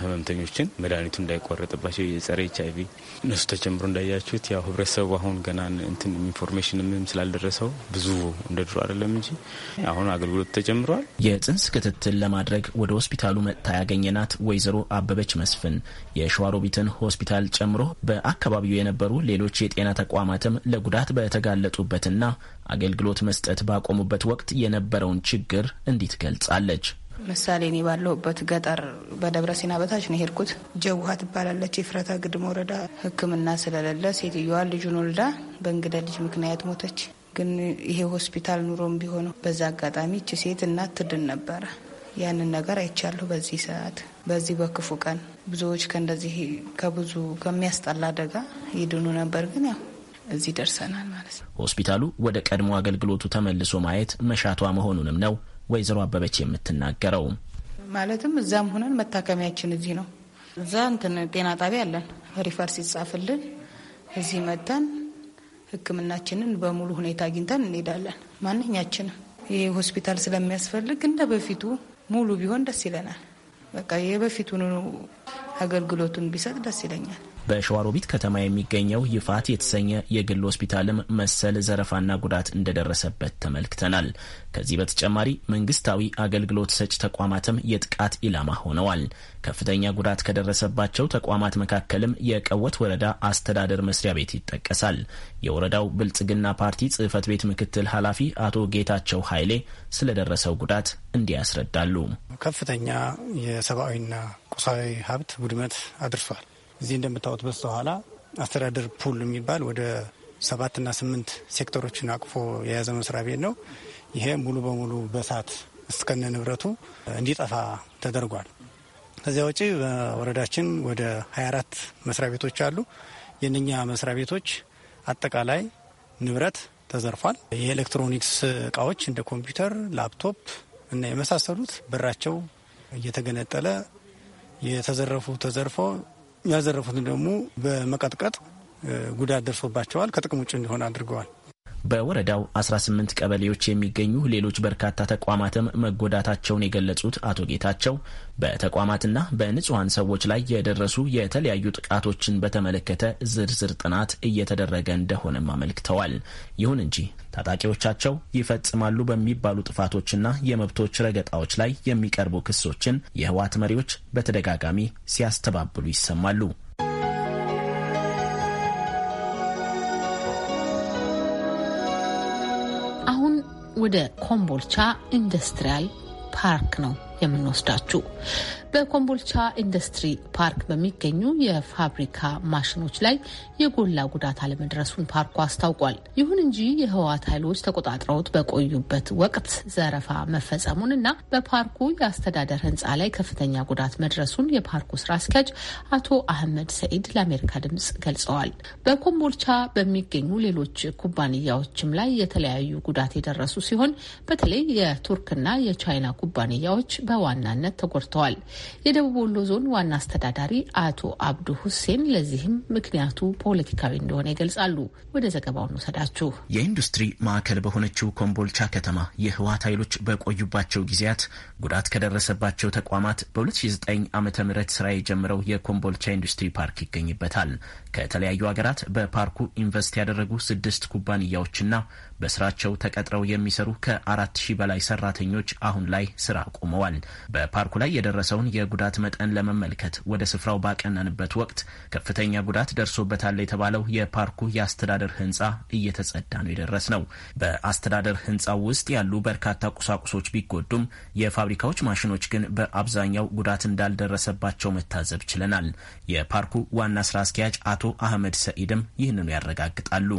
ህመምተኞችን መድኃኒቱ እንዳይቋረጥባቸው የጸረ ኤች አይቪ እነሱ ተጨምሮ እንዳያችሁት ያው ህብረተሰቡ አሁን ገና እንትን ኢንፎርሜሽን ምም ስላልደረሰው ብዙ እንደ ድሮ አይደለም እንጂ አሁን አገልግሎት ተጀምረዋል። የጽንስ ክትትል ለማድረግ ወደ ሆስፒታሉ መጥታ ያገኘናት ወይዘሮ አበበች መስፍን የሸዋሮቢትን ሆስፒታል ጨምሮ በአካባቢው የነበሩ ሌሎች የጤና ተቋማትም ለጉዳት በተጋለጡበትና አገልግሎት መስጠት ባቆሙበት ወቅት የነበረውን ችግር እንዲህ ትገልጻለች። ምሳሌ እኔ ባለሁበት ገጠር በደብረ ሲና በታች ነው ሄድኩት። ጀውሃ ትባላለች የፍረታ ግድም ወረዳ። ሕክምና ስለሌለ ሴትዮዋ ልጁን ወልዳ በእንግደ ልጅ ምክንያት ሞተች። ግን ይሄ ሆስፒታል ኑሮም ቢሆን በዛ አጋጣሚ እች ሴት እናት ትድን ነበረ። ያንን ነገር አይቻለሁ። በዚህ ሰዓት በዚህ በክፉ ቀን ብዙዎች ከእንደዚህ ከብዙ ከሚያስጠላ አደጋ ይድኑ ነበር ግን ያው እዚህ ደርሰናል ማለት ነው። ሆስፒታሉ ወደ ቀድሞ አገልግሎቱ ተመልሶ ማየት መሻቷ መሆኑንም ነው ወይዘሮ አበበች የምትናገረው። ማለትም እዛም ሆነን መታከሚያችን እዚህ ነው። እዛ እንትን ጤና ጣቢያ አለን። ሪፈር ሲጻፍልን እዚህ መጥተን ሕክምናችንን በሙሉ ሁኔታ አግኝተን እንሄዳለን። ማንኛችንም ይህ ሆስፒታል ስለሚያስፈልግ እንደ በፊቱ ሙሉ ቢሆን ደስ ይለናል። በቃ የበፊቱን አገልግሎቱን ቢሰጥ ደስ ይለኛል። በሸዋሮቢት ከተማ የሚገኘው ይፋት የተሰኘ የግል ሆስፒታልም መሰል ዘረፋና ጉዳት እንደደረሰበት ተመልክተናል። ከዚህ በተጨማሪ መንግስታዊ አገልግሎት ሰጭ ተቋማትም የጥቃት ኢላማ ሆነዋል። ከፍተኛ ጉዳት ከደረሰባቸው ተቋማት መካከልም የቀወት ወረዳ አስተዳደር መስሪያ ቤት ይጠቀሳል። የወረዳው ብልጽግና ፓርቲ ጽህፈት ቤት ምክትል ኃላፊ አቶ ጌታቸው ኃይሌ ስለደረሰው ጉዳት እንዲህ ያስረዳሉ። ከፍተኛ የሰብአዊና ቁሳዊ ሀብት ውድመት አድርሷል። እዚህ እንደምታዩት በስተኋላ አስተዳደር ፑል የሚባል ወደ ሰባትና ስምንት ሴክተሮችን አቅፎ የያዘ መስሪያ ቤት ነው። ይሄ ሙሉ በሙሉ በሳት እስከነ ንብረቱ እንዲጠፋ ተደርጓል። ከዚያ ውጪ በወረዳችን ወደ 24 መስሪያ ቤቶች አሉ። የእነኛ መስሪያ ቤቶች አጠቃላይ ንብረት ተዘርፏል። የኤሌክትሮኒክስ እቃዎች እንደ ኮምፒውተር፣ ላፕቶፕ እና የመሳሰሉት በራቸው እየተገነጠለ የተዘረፉ ተዘርፎ ያዘረፉትን ደግሞ በመቀጥቀጥ ጉዳት ደርሶባቸዋል። ከጥቅም ውጭ እንዲሆን አድርገዋል። በወረዳው 18 ቀበሌዎች የሚገኙ ሌሎች በርካታ ተቋማትም መጎዳታቸውን የገለጹት አቶ ጌታቸው በተቋማትና በንጹሐን ሰዎች ላይ የደረሱ የተለያዩ ጥቃቶችን በተመለከተ ዝርዝር ጥናት እየተደረገ እንደሆነም አመልክተዋል። ይሁን እንጂ ታጣቂዎቻቸው ይፈጽማሉ በሚባሉ ጥፋቶችና የመብቶች ረገጣዎች ላይ የሚቀርቡ ክሶችን የህወሓት መሪዎች በተደጋጋሚ ሲያስተባብሉ ይሰማሉ። አሁን ወደ ኮምቦልቻ ኢንዱስትሪያል ፓርክ ነው የምንወስዳችሁ። በኮምቦልቻ ኢንዱስትሪ ፓርክ በሚገኙ የፋብሪካ ማሽኖች ላይ የጎላ ጉዳት አለመድረሱን ፓርኩ አስታውቋል። ይሁን እንጂ የህወሓት ኃይሎች ተቆጣጥረውት በቆዩበት ወቅት ዘረፋ መፈጸሙን እና በፓርኩ የአስተዳደር ህንፃ ላይ ከፍተኛ ጉዳት መድረሱን የፓርኩ ስራ አስኪያጅ አቶ አህመድ ሰኢድ ለአሜሪካ ድምጽ ገልጸዋል። በኮምቦልቻ በሚገኙ ሌሎች ኩባንያዎችም ላይ የተለያዩ ጉዳት የደረሱ ሲሆን በተለይ የቱርክና የቻይና ኩባንያዎች በዋናነት ተጎድተዋል። የደቡብ ወሎ ዞን ዋና አስተዳዳሪ አቶ አብዱ ሁሴን ለዚህም ምክንያቱ ፖለቲካዊ እንደሆነ ይገልጻሉ። ወደ ዘገባው እንውሰዳችሁ። የኢንዱስትሪ ማዕከል በሆነችው ኮምቦልቻ ከተማ የህወሀት ኃይሎች በቆዩባቸው ጊዜያት ጉዳት ከደረሰባቸው ተቋማት በ2009 ዓ ም ስራ የጀመረው የኮምቦልቻ ኢንዱስትሪ ፓርክ ይገኝበታል። ከተለያዩ ሀገራት በፓርኩ ኢንቨስት ያደረጉ ስድስት ኩባንያዎችና በስራቸው ተቀጥረው የሚሰሩ ከአራት ሺህ በላይ ሰራተኞች አሁን ላይ ስራ ቆመዋል። በፓርኩ ላይ የደረሰውን የጉዳት መጠን ለመመልከት ወደ ስፍራው ባቀናንበት ወቅት ከፍተኛ ጉዳት ደርሶበታል የተባለው የፓርኩ የአስተዳደር ህንፃ እየተጸዳ ነው የደረስ ነው። በአስተዳደር ህንፃው ውስጥ ያሉ በርካታ ቁሳቁሶች ቢጎዱም የፋብሪካዎች ማሽኖች ግን በአብዛኛው ጉዳት እንዳልደረሰባቸው መታዘብ ችለናል። የፓርኩ ዋና ስራ አስኪያጅ አቶ አቶ አህመድ ሰኢድም ይህንኑ ያረጋግጣሉ።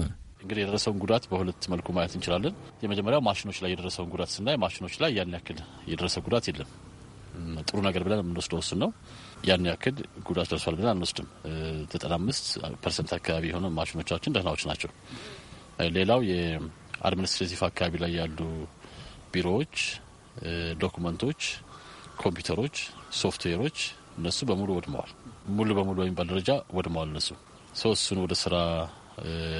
እንግዲህ የደረሰውን ጉዳት በሁለት መልኩ ማየት እንችላለን። የመጀመሪያው ማሽኖች ላይ የደረሰውን ጉዳት ስናይ ማሽኖች ላይ ያን ያክል የደረሰ ጉዳት የለም። ጥሩ ነገር ብለን የምንወስደው እሱን ነው። ያን ያክል ጉዳት ደርሷል ብለን አንወስድም። ዘጠና አምስት ፐርሰንት አካባቢ የሆነ ማሽኖቻችን ደህናዎች ናቸው። ሌላው የአድሚኒስትሬቲቭ አካባቢ ላይ ያሉ ቢሮዎች፣ ዶኩመንቶች፣ ኮምፒውተሮች፣ ሶፍትዌሮች እነሱ በሙሉ ወድመዋል። ሙሉ በሙሉ በሚባል ደረጃ ወድመዋል እነሱ ሶስቱን ወደ ስራ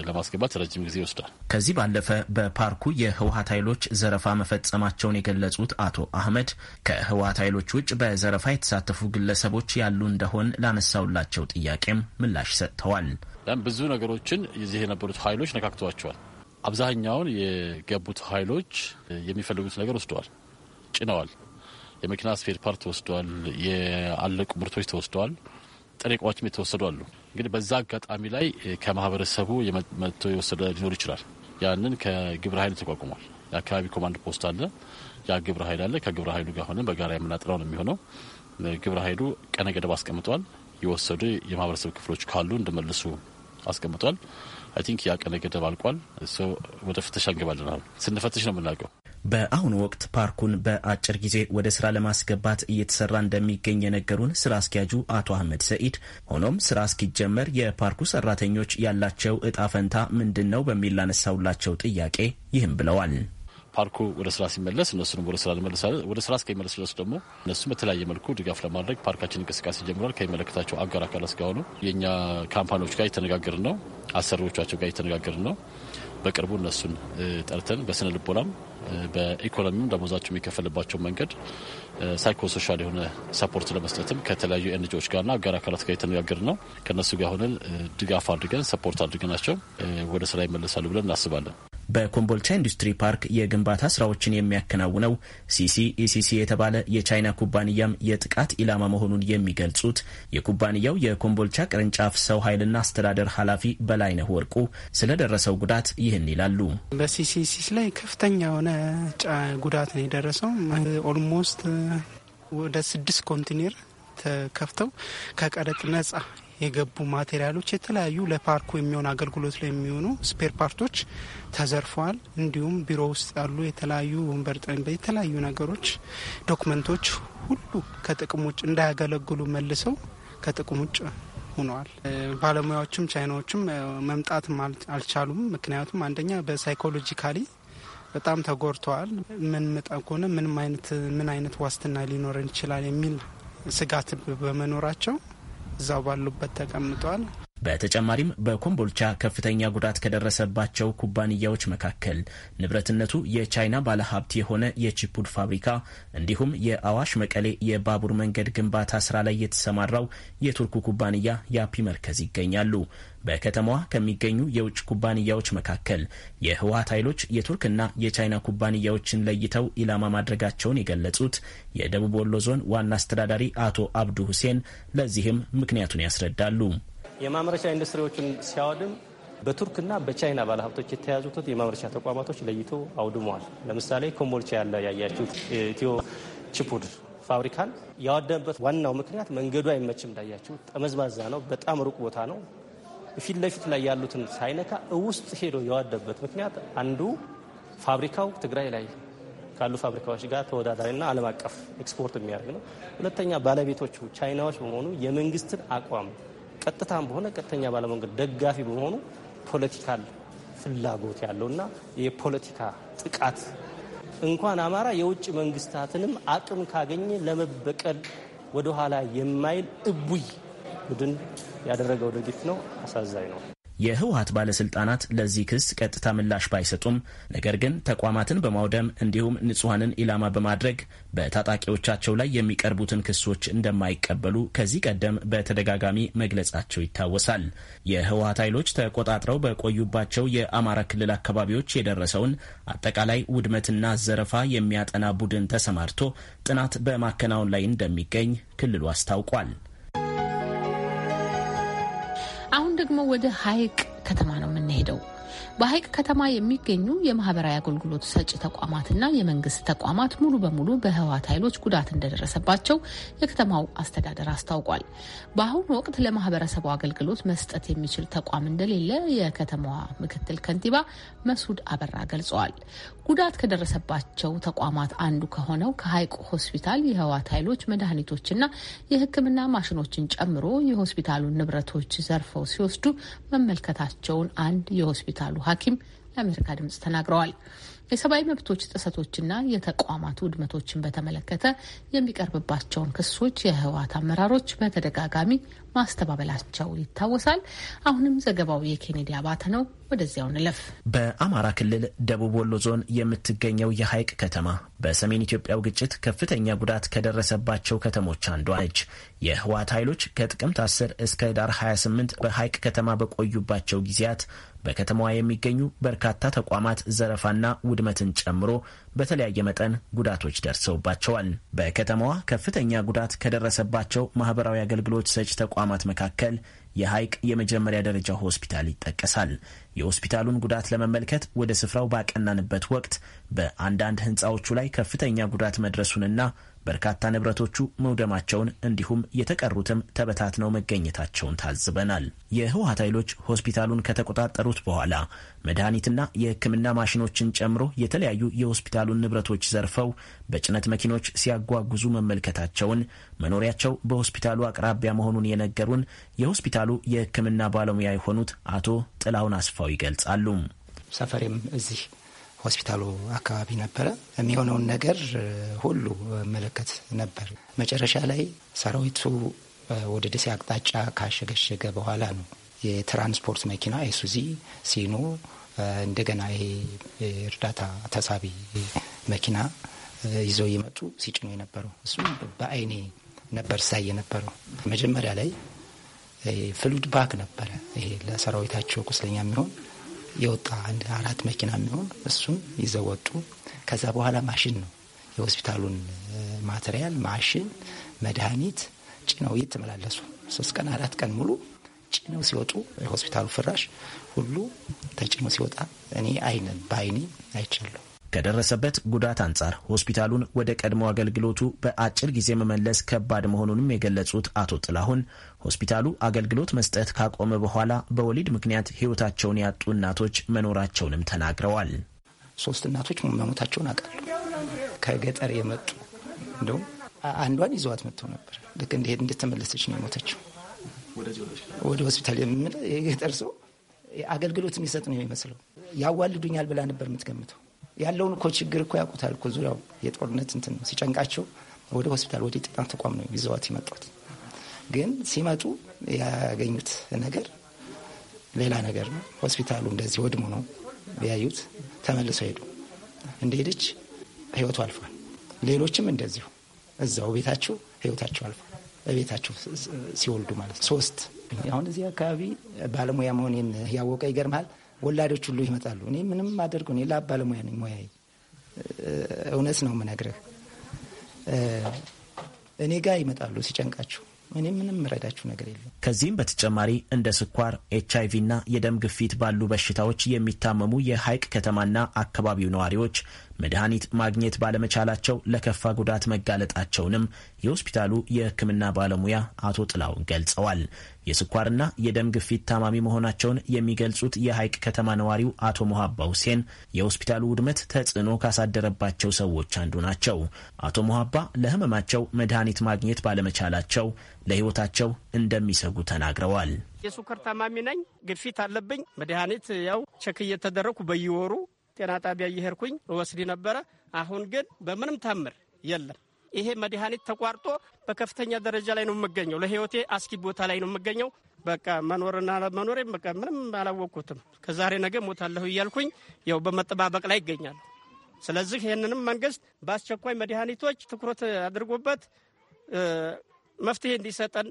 ለማስገባት ረጅም ጊዜ ይወስዳል። ከዚህ ባለፈ በፓርኩ የህወሀት ኃይሎች ዘረፋ መፈጸማቸውን የገለጹት አቶ አህመድ ከህወሀት ኃይሎች ውጭ በዘረፋ የተሳተፉ ግለሰቦች ያሉ እንደሆን ላነሳውላቸው ጥያቄም ምላሽ ሰጥተዋል። ብዙ ነገሮችን እዚህ የነበሩት ኃይሎች ነካክተዋቸዋል። አብዛኛውን የገቡት ኃይሎች የሚፈልጉት ነገር ወስደዋል፣ ጭነዋል። የመኪና ስፔር ፓርት ተወስደዋል። የአለቁ ምርቶች ተወስደዋል። ጥሬ እቃዎችም የተወሰዱ አሉ። እንግዲህ በዛ አጋጣሚ ላይ ከማህበረሰቡ መጥቶ የወሰደ ሊኖር ይችላል። ያንን ከግብረ ኃይል ተቋቁሟል። የአካባቢ ኮማንድ ፖስት አለ፣ ያ ግብረ ኃይል አለ። ከግብረ ኃይሉ ጋር ሆነን በጋራ የምናጥራው ነው የሚሆነው። ግብረ ኃይሉ ቀነ ገደብ አስቀምጧል። የወሰዱ የማህበረሰብ ክፍሎች ካሉ እንዲመልሱ አስቀምጧል። አይ ቲንክ ያ ቀነ ገደብ አልቋል። ወደ ፍተሻ እንገባለናል። ስንፈትሽ ነው የምናውቀው። በአሁኑ ወቅት ፓርኩን በአጭር ጊዜ ወደ ስራ ለማስገባት እየተሰራ እንደሚገኝ የነገሩን ስራ አስኪያጁ አቶ አህመድ ሰኢድ፣ ሆኖም ስራ እስኪጀመር የፓርኩ ሰራተኞች ያላቸው እጣ ፈንታ ምንድን ነው በሚል ላነሳውላቸው ጥያቄ ይህም ብለዋል። ፓርኩ ወደ ስራ ሲመለስ እነሱንም ወደ ስራ እንመልሳለን። ወደ ስራ እስከሚመለስ ድረስ ደግሞ እነሱም በተለያየ መልኩ ድጋፍ ለማድረግ ፓርካችን እንቅስቃሴ ጀምሯል። ከሚመለከታቸው አጋር አካላት ጋር የእኛ ካምፓኒዎች ጋር የተነጋገርን ነው፣ አሰሪዎቻቸው ጋር የተነጋገርን ነው። በቅርቡ እነሱን ጠርተን በስነ ልቦናም በኢኮኖሚም ደሞዛቸው የሚከፈልባቸው መንገድ ሳይኮሶሻል የሆነ ሰፖርት ለመስጠትም ከተለያዩ ኤንጂዎች ጋርና አጋር አካላት ጋር የተነጋገር ነው። ከእነሱ ጋር ሆነን ድጋፍ አድርገን ሰፖርት አድርገናቸው ወደ ስራ ይመለሳሉ ብለን እናስባለን። በኮምቦልቻ ኢንዱስትሪ ፓርክ የግንባታ ስራዎችን የሚያከናውነው ሲሲ ኢሲሲ የተባለ የቻይና ኩባንያም የጥቃት ኢላማ መሆኑን የሚገልጹት የኩባንያው የኮምቦልቻ ቅርንጫፍ ሰው ኃይልና አስተዳደር ኃላፊ በላይነህ ወርቁ ስለደረሰው ጉዳት ይህን ይላሉ። በሲሲሲስ ላይ ከፍተኛ የሆነ ጉዳት ነው የደረሰው። ኦልሞስት ወደ ስድስት ኮንቲኔር ተከፍተው ከቀረጥ ነጻ የገቡ ማቴሪያሎች የተለያዩ ለፓርኩ የሚሆን አገልግሎት ላይ የሚሆኑ ስፔር ፓርቶች ተዘርፈዋል። እንዲሁም ቢሮ ውስጥ ያሉ የተለያዩ ወንበር፣ ጠረጴዛ፣ የተለያዩ ነገሮች፣ ዶክመንቶች ሁሉ ከጥቅም ውጭ እንዳያገለግሉ መልሰው ከጥቅም ውጭ ሆነዋል። ባለሙያዎችም ቻይናዎችም መምጣት አልቻሉም። ምክንያቱም አንደኛ በሳይኮሎጂካሊ በጣም ተጎድተዋል። ምንመጣ ከሆነ ምንም አይነት ምን አይነት ዋስትና ሊኖረን ይችላል የሚል ስጋት በመኖራቸው እዛው ባሉበት ተቀምጠዋል። በተጨማሪም በኮምቦልቻ ከፍተኛ ጉዳት ከደረሰባቸው ኩባንያዎች መካከል ንብረትነቱ የቻይና ባለሀብት የሆነ የቺፑድ ፋብሪካ እንዲሁም የአዋሽ መቀሌ የባቡር መንገድ ግንባታ ስራ ላይ የተሰማራው የቱርኩ ኩባንያ ያፒ መርከዝ ይገኛሉ። በከተማዋ ከሚገኙ የውጭ ኩባንያዎች መካከል የህወሀት ኃይሎች የቱርክና የቻይና ኩባንያዎችን ለይተው ኢላማ ማድረጋቸውን የገለጹት የደቡብ ወሎ ዞን ዋና አስተዳዳሪ አቶ አብዱ ሁሴን ለዚህም ምክንያቱን ያስረዳሉ። የማምረቻ ኢንዱስትሪዎችን ሲያወድም በቱርክና በቻይና ባለሀብቶች የተያዙትን የማምረቻ ተቋማቶች ለይቶ አውድመዋል። ለምሳሌ ኮምቦልቻ ያለ ያያችሁት ኢትዮ ቺፑድ ፋብሪካን ያወደመበት ዋናው ምክንያት መንገዱ አይመችም፣ እንዳያችሁ ጠመዝማዛ ነው። በጣም ሩቅ ቦታ ነው። ፊት ለፊት ላይ ያሉትን ሳይነካ ውስጥ ሄዶ የዋደበት ምክንያት አንዱ ፋብሪካው ትግራይ ላይ ካሉ ፋብሪካዎች ጋር ተወዳዳሪና ዓለም አቀፍ ኤክስፖርት የሚያደርግ ነው። ሁለተኛ ባለቤቶቹ ቻይናዎች በመሆኑ የመንግስትን አቋም ቀጥታም በሆነ ቀጥተኛ ባለመንገድ ደጋፊ በመሆኑ ፖለቲካል ፍላጎት ያለውና የፖለቲካ ጥቃት እንኳን አማራ የውጭ መንግስታትንም አቅም ካገኘ ለመበቀል ወደኋላ የማይል እቡይ ቡድን ያደረገው ድርጊት ነው። አሳዛኝ ነው። የህወሀት ባለስልጣናት ለዚህ ክስ ቀጥታ ምላሽ ባይሰጡም ነገር ግን ተቋማትን በማውደም እንዲሁም ንጹሐንን ኢላማ በማድረግ በታጣቂዎቻቸው ላይ የሚቀርቡትን ክሶች እንደማይቀበሉ ከዚህ ቀደም በተደጋጋሚ መግለጻቸው ይታወሳል። የህወሀት ኃይሎች ተቆጣጥረው በቆዩባቸው የአማራ ክልል አካባቢዎች የደረሰውን አጠቃላይ ውድመትና ዘረፋ የሚያጠና ቡድን ተሰማርቶ ጥናት በማከናወን ላይ እንደሚገኝ ክልሉ አስታውቋል። ደግሞ ወደ ሀይቅ ከተማ ነው የምንሄደው። በሀይቅ ከተማ የሚገኙ የማህበራዊ አገልግሎት ሰጪ ተቋማትና የመንግስት ተቋማት ሙሉ በሙሉ በህወሓት ኃይሎች ጉዳት እንደደረሰባቸው የከተማው አስተዳደር አስታውቋል። በአሁኑ ወቅት ለማህበረሰቡ አገልግሎት መስጠት የሚችል ተቋም እንደሌለ የከተማዋ ምክትል ከንቲባ መሱድ አበራ ገልጸዋል። ጉዳት ከደረሰባቸው ተቋማት አንዱ ከሆነው ከሀይቅ ሆስፒታል የህወሓት ኃይሎች መድኃኒቶችና የሕክምና ማሽኖችን ጨምሮ የሆስፒታሉን ንብረቶች ዘርፈው ሲወስዱ መመልከታቸውን አንድ የሆስፒታሉ ሐኪም ለአሜሪካ ድምጽ ተናግረዋል። የሰብአዊ መብቶች ጥሰቶችና የተቋማት ውድመቶችን በተመለከተ የሚቀርብባቸውን ክሶች የህወሓት አመራሮች በተደጋጋሚ ማስተባበላቸው ይታወሳል። አሁንም ዘገባው የኬኔዲ አባተ ነው። ወደዚያው ንለፍ። በአማራ ክልል ደቡብ ወሎ ዞን የምትገኘው የሐይቅ ከተማ በሰሜን ኢትዮጵያው ግጭት ከፍተኛ ጉዳት ከደረሰባቸው ከተሞች አንዷ ነች። የህወሓት ኃይሎች ከጥቅምት 10 እስከ ህዳር 28 በሐይቅ ከተማ በቆዩባቸው ጊዜያት በከተማዋ የሚገኙ በርካታ ተቋማት ዘረፋና ውድመትን ጨምሮ በተለያየ መጠን ጉዳቶች ደርሰውባቸዋል። በከተማዋ ከፍተኛ ጉዳት ከደረሰባቸው ማህበራዊ አገልግሎት ሰጪ ተቋማት መካከል የሐይቅ የመጀመሪያ ደረጃ ሆስፒታል ይጠቀሳል። የሆስፒታሉን ጉዳት ለመመልከት ወደ ስፍራው ባቀናንበት ወቅት በአንዳንድ ህንፃዎቹ ላይ ከፍተኛ ጉዳት መድረሱንና በርካታ ንብረቶቹ መውደማቸውን እንዲሁም የተቀሩትም ተበታትነው መገኘታቸውን ታዝበናል። የህወሀት ኃይሎች ሆስፒታሉን ከተቆጣጠሩት በኋላ መድኃኒትና የሕክምና ማሽኖችን ጨምሮ የተለያዩ የሆስፒታሉን ንብረቶች ዘርፈው በጭነት መኪኖች ሲያጓጉዙ መመልከታቸውን መኖሪያቸው በሆስፒታሉ አቅራቢያ መሆኑን የነገሩን የሆስፒታሉ የሕክምና ባለሙያ የሆኑት አቶ ጥላሁን አስፋው ይገልጻሉ። ሰፈሬም እዚህ ሆስፒታሉ አካባቢ ነበረ። የሚሆነውን ነገር ሁሉ መለከት ነበር። መጨረሻ ላይ ሰራዊቱ ወደ ደሴ አቅጣጫ ካሸገሸገ በኋላ ነው የትራንስፖርት መኪና አይሱዚ ሲኖ እንደገና ይሄ እርዳታ ተሳቢ መኪና ይዘው የመጡ ሲጭኑ የነበረው እሱም በአይኔ ነበር ሳይ የነበረው። መጀመሪያ ላይ ፍሉድ ባክ ነበረ ይሄ ለሰራዊታቸው ቁስለኛ የሚሆን የወጣ አንድ አራት መኪና የሚሆን እሱን ይዘው ወጡ። ከዛ በኋላ ማሽን ነው የሆስፒታሉን ማቴሪያል ማሽን፣ መድኃኒት ጭነው እየተመላለሱ ሶስት ቀን አራት ቀን ሙሉ ጭነው ሲወጡ የሆስፒታሉ ፍራሽ ሁሉ ተጭኖ ሲወጣ እኔ አይነን በአይኔ አይቻለሁ። ከደረሰበት ጉዳት አንጻር ሆስፒታሉን ወደ ቀድሞ አገልግሎቱ በአጭር ጊዜ መመለስ ከባድ መሆኑንም የገለጹት አቶ ጥላሁን ሆስፒታሉ አገልግሎት መስጠት ካቆመ በኋላ በወሊድ ምክንያት ሕይወታቸውን ያጡ እናቶች መኖራቸውንም ተናግረዋል። ሶስት እናቶች መሞታቸውን አውቃለሁ። ከገጠር የመጡ እንደውም አንዷን ይዘዋት መጥተው ነበር። ልክ እንደሄድ እንደተመለሰች ነው የሞተችው። ወደ ሆስፒታል የምል የገጠር ሰው አገልግሎት የሚሰጥ ነው የሚመስለው። ያዋልዱኛል ብላ ነበር የምትገምተው ያለውን እኮ ችግር እኮ ያውቁታል እኮ ዙሪያው የጦርነት እንትን ነው። ሲጨንቃቸው ወደ ሆስፒታል ወደ ጤና ተቋም ነው ይዘዋት የመጡት። ግን ሲመጡ ያገኙት ነገር ሌላ ነገር ነው። ሆስፒታሉ እንደዚህ ወድሞ ነው ቢያዩት ተመልሰው ሄዱ። እንደሄደች ህይወቱ አልፏል። ሌሎችም እንደዚሁ እዛው ቤታቸው ህይወታቸው አልፏል። በቤታቸው ሲወልዱ ማለት ነው። ሶስት አሁን እዚህ አካባቢ ባለሙያ መሆኔን ያወቀ ይገርማል ወላዶች ሁሉ ይመጣሉ። እኔ ምንም አደርገው እኔ ላብ ባለሙያ ነኝ። ሙያዬ እውነት ነው የምነግርህ። እኔ ጋር ይመጣሉ ሲጨንቃቸው። እኔ ምንም ረዳችሁ ነገር የለም። ከዚህም በተጨማሪ እንደ ስኳር፣ ኤች አይቪ እና የደም ግፊት ባሉ በሽታዎች የሚታመሙ የሐይቅ ከተማና አካባቢው ነዋሪዎች መድኃኒት ማግኘት ባለመቻላቸው ለከፋ ጉዳት መጋለጣቸውንም የሆስፒታሉ የሕክምና ባለሙያ አቶ ጥላውን ገልጸዋል። የስኳርና የደም ግፊት ታማሚ መሆናቸውን የሚገልጹት የሐይቅ ከተማ ነዋሪው አቶ ሞሀባ ሁሴን የሆስፒታሉ ውድመት ተጽዕኖ ካሳደረባቸው ሰዎች አንዱ ናቸው። አቶ ሞሀባ ለህመማቸው መድኃኒት ማግኘት ባለመቻላቸው ለሕይወታቸው እንደሚሰጉ እንዳደረጉ ተናግረዋል። የሱከር ታማሚ ነኝ፣ ግፊት አለብኝ። መድኃኒት ያው ቸክ እየተደረግኩ በየወሩ ጤና ጣቢያ እየሄድኩኝ እወስድ ነበረ። አሁን ግን በምንም ታምር የለም። ይሄ መድኃኒት ተቋርጦ በከፍተኛ ደረጃ ላይ ነው የምገኘው። ለህይወቴ አስኪ ቦታ ላይ ነው የምገኘው። በቃ መኖርና መኖሬም በቃ ምንም አላወቅኩትም። ከዛሬ ነገ ሞታለሁ እያልኩኝ ያው በመጠባበቅ ላይ ይገኛሉ። ስለዚህ ይህንንም መንግስት በአስቸኳይ መድኃኒቶች ትኩረት አድርጎበት መፍትሄ እንዲሰጠን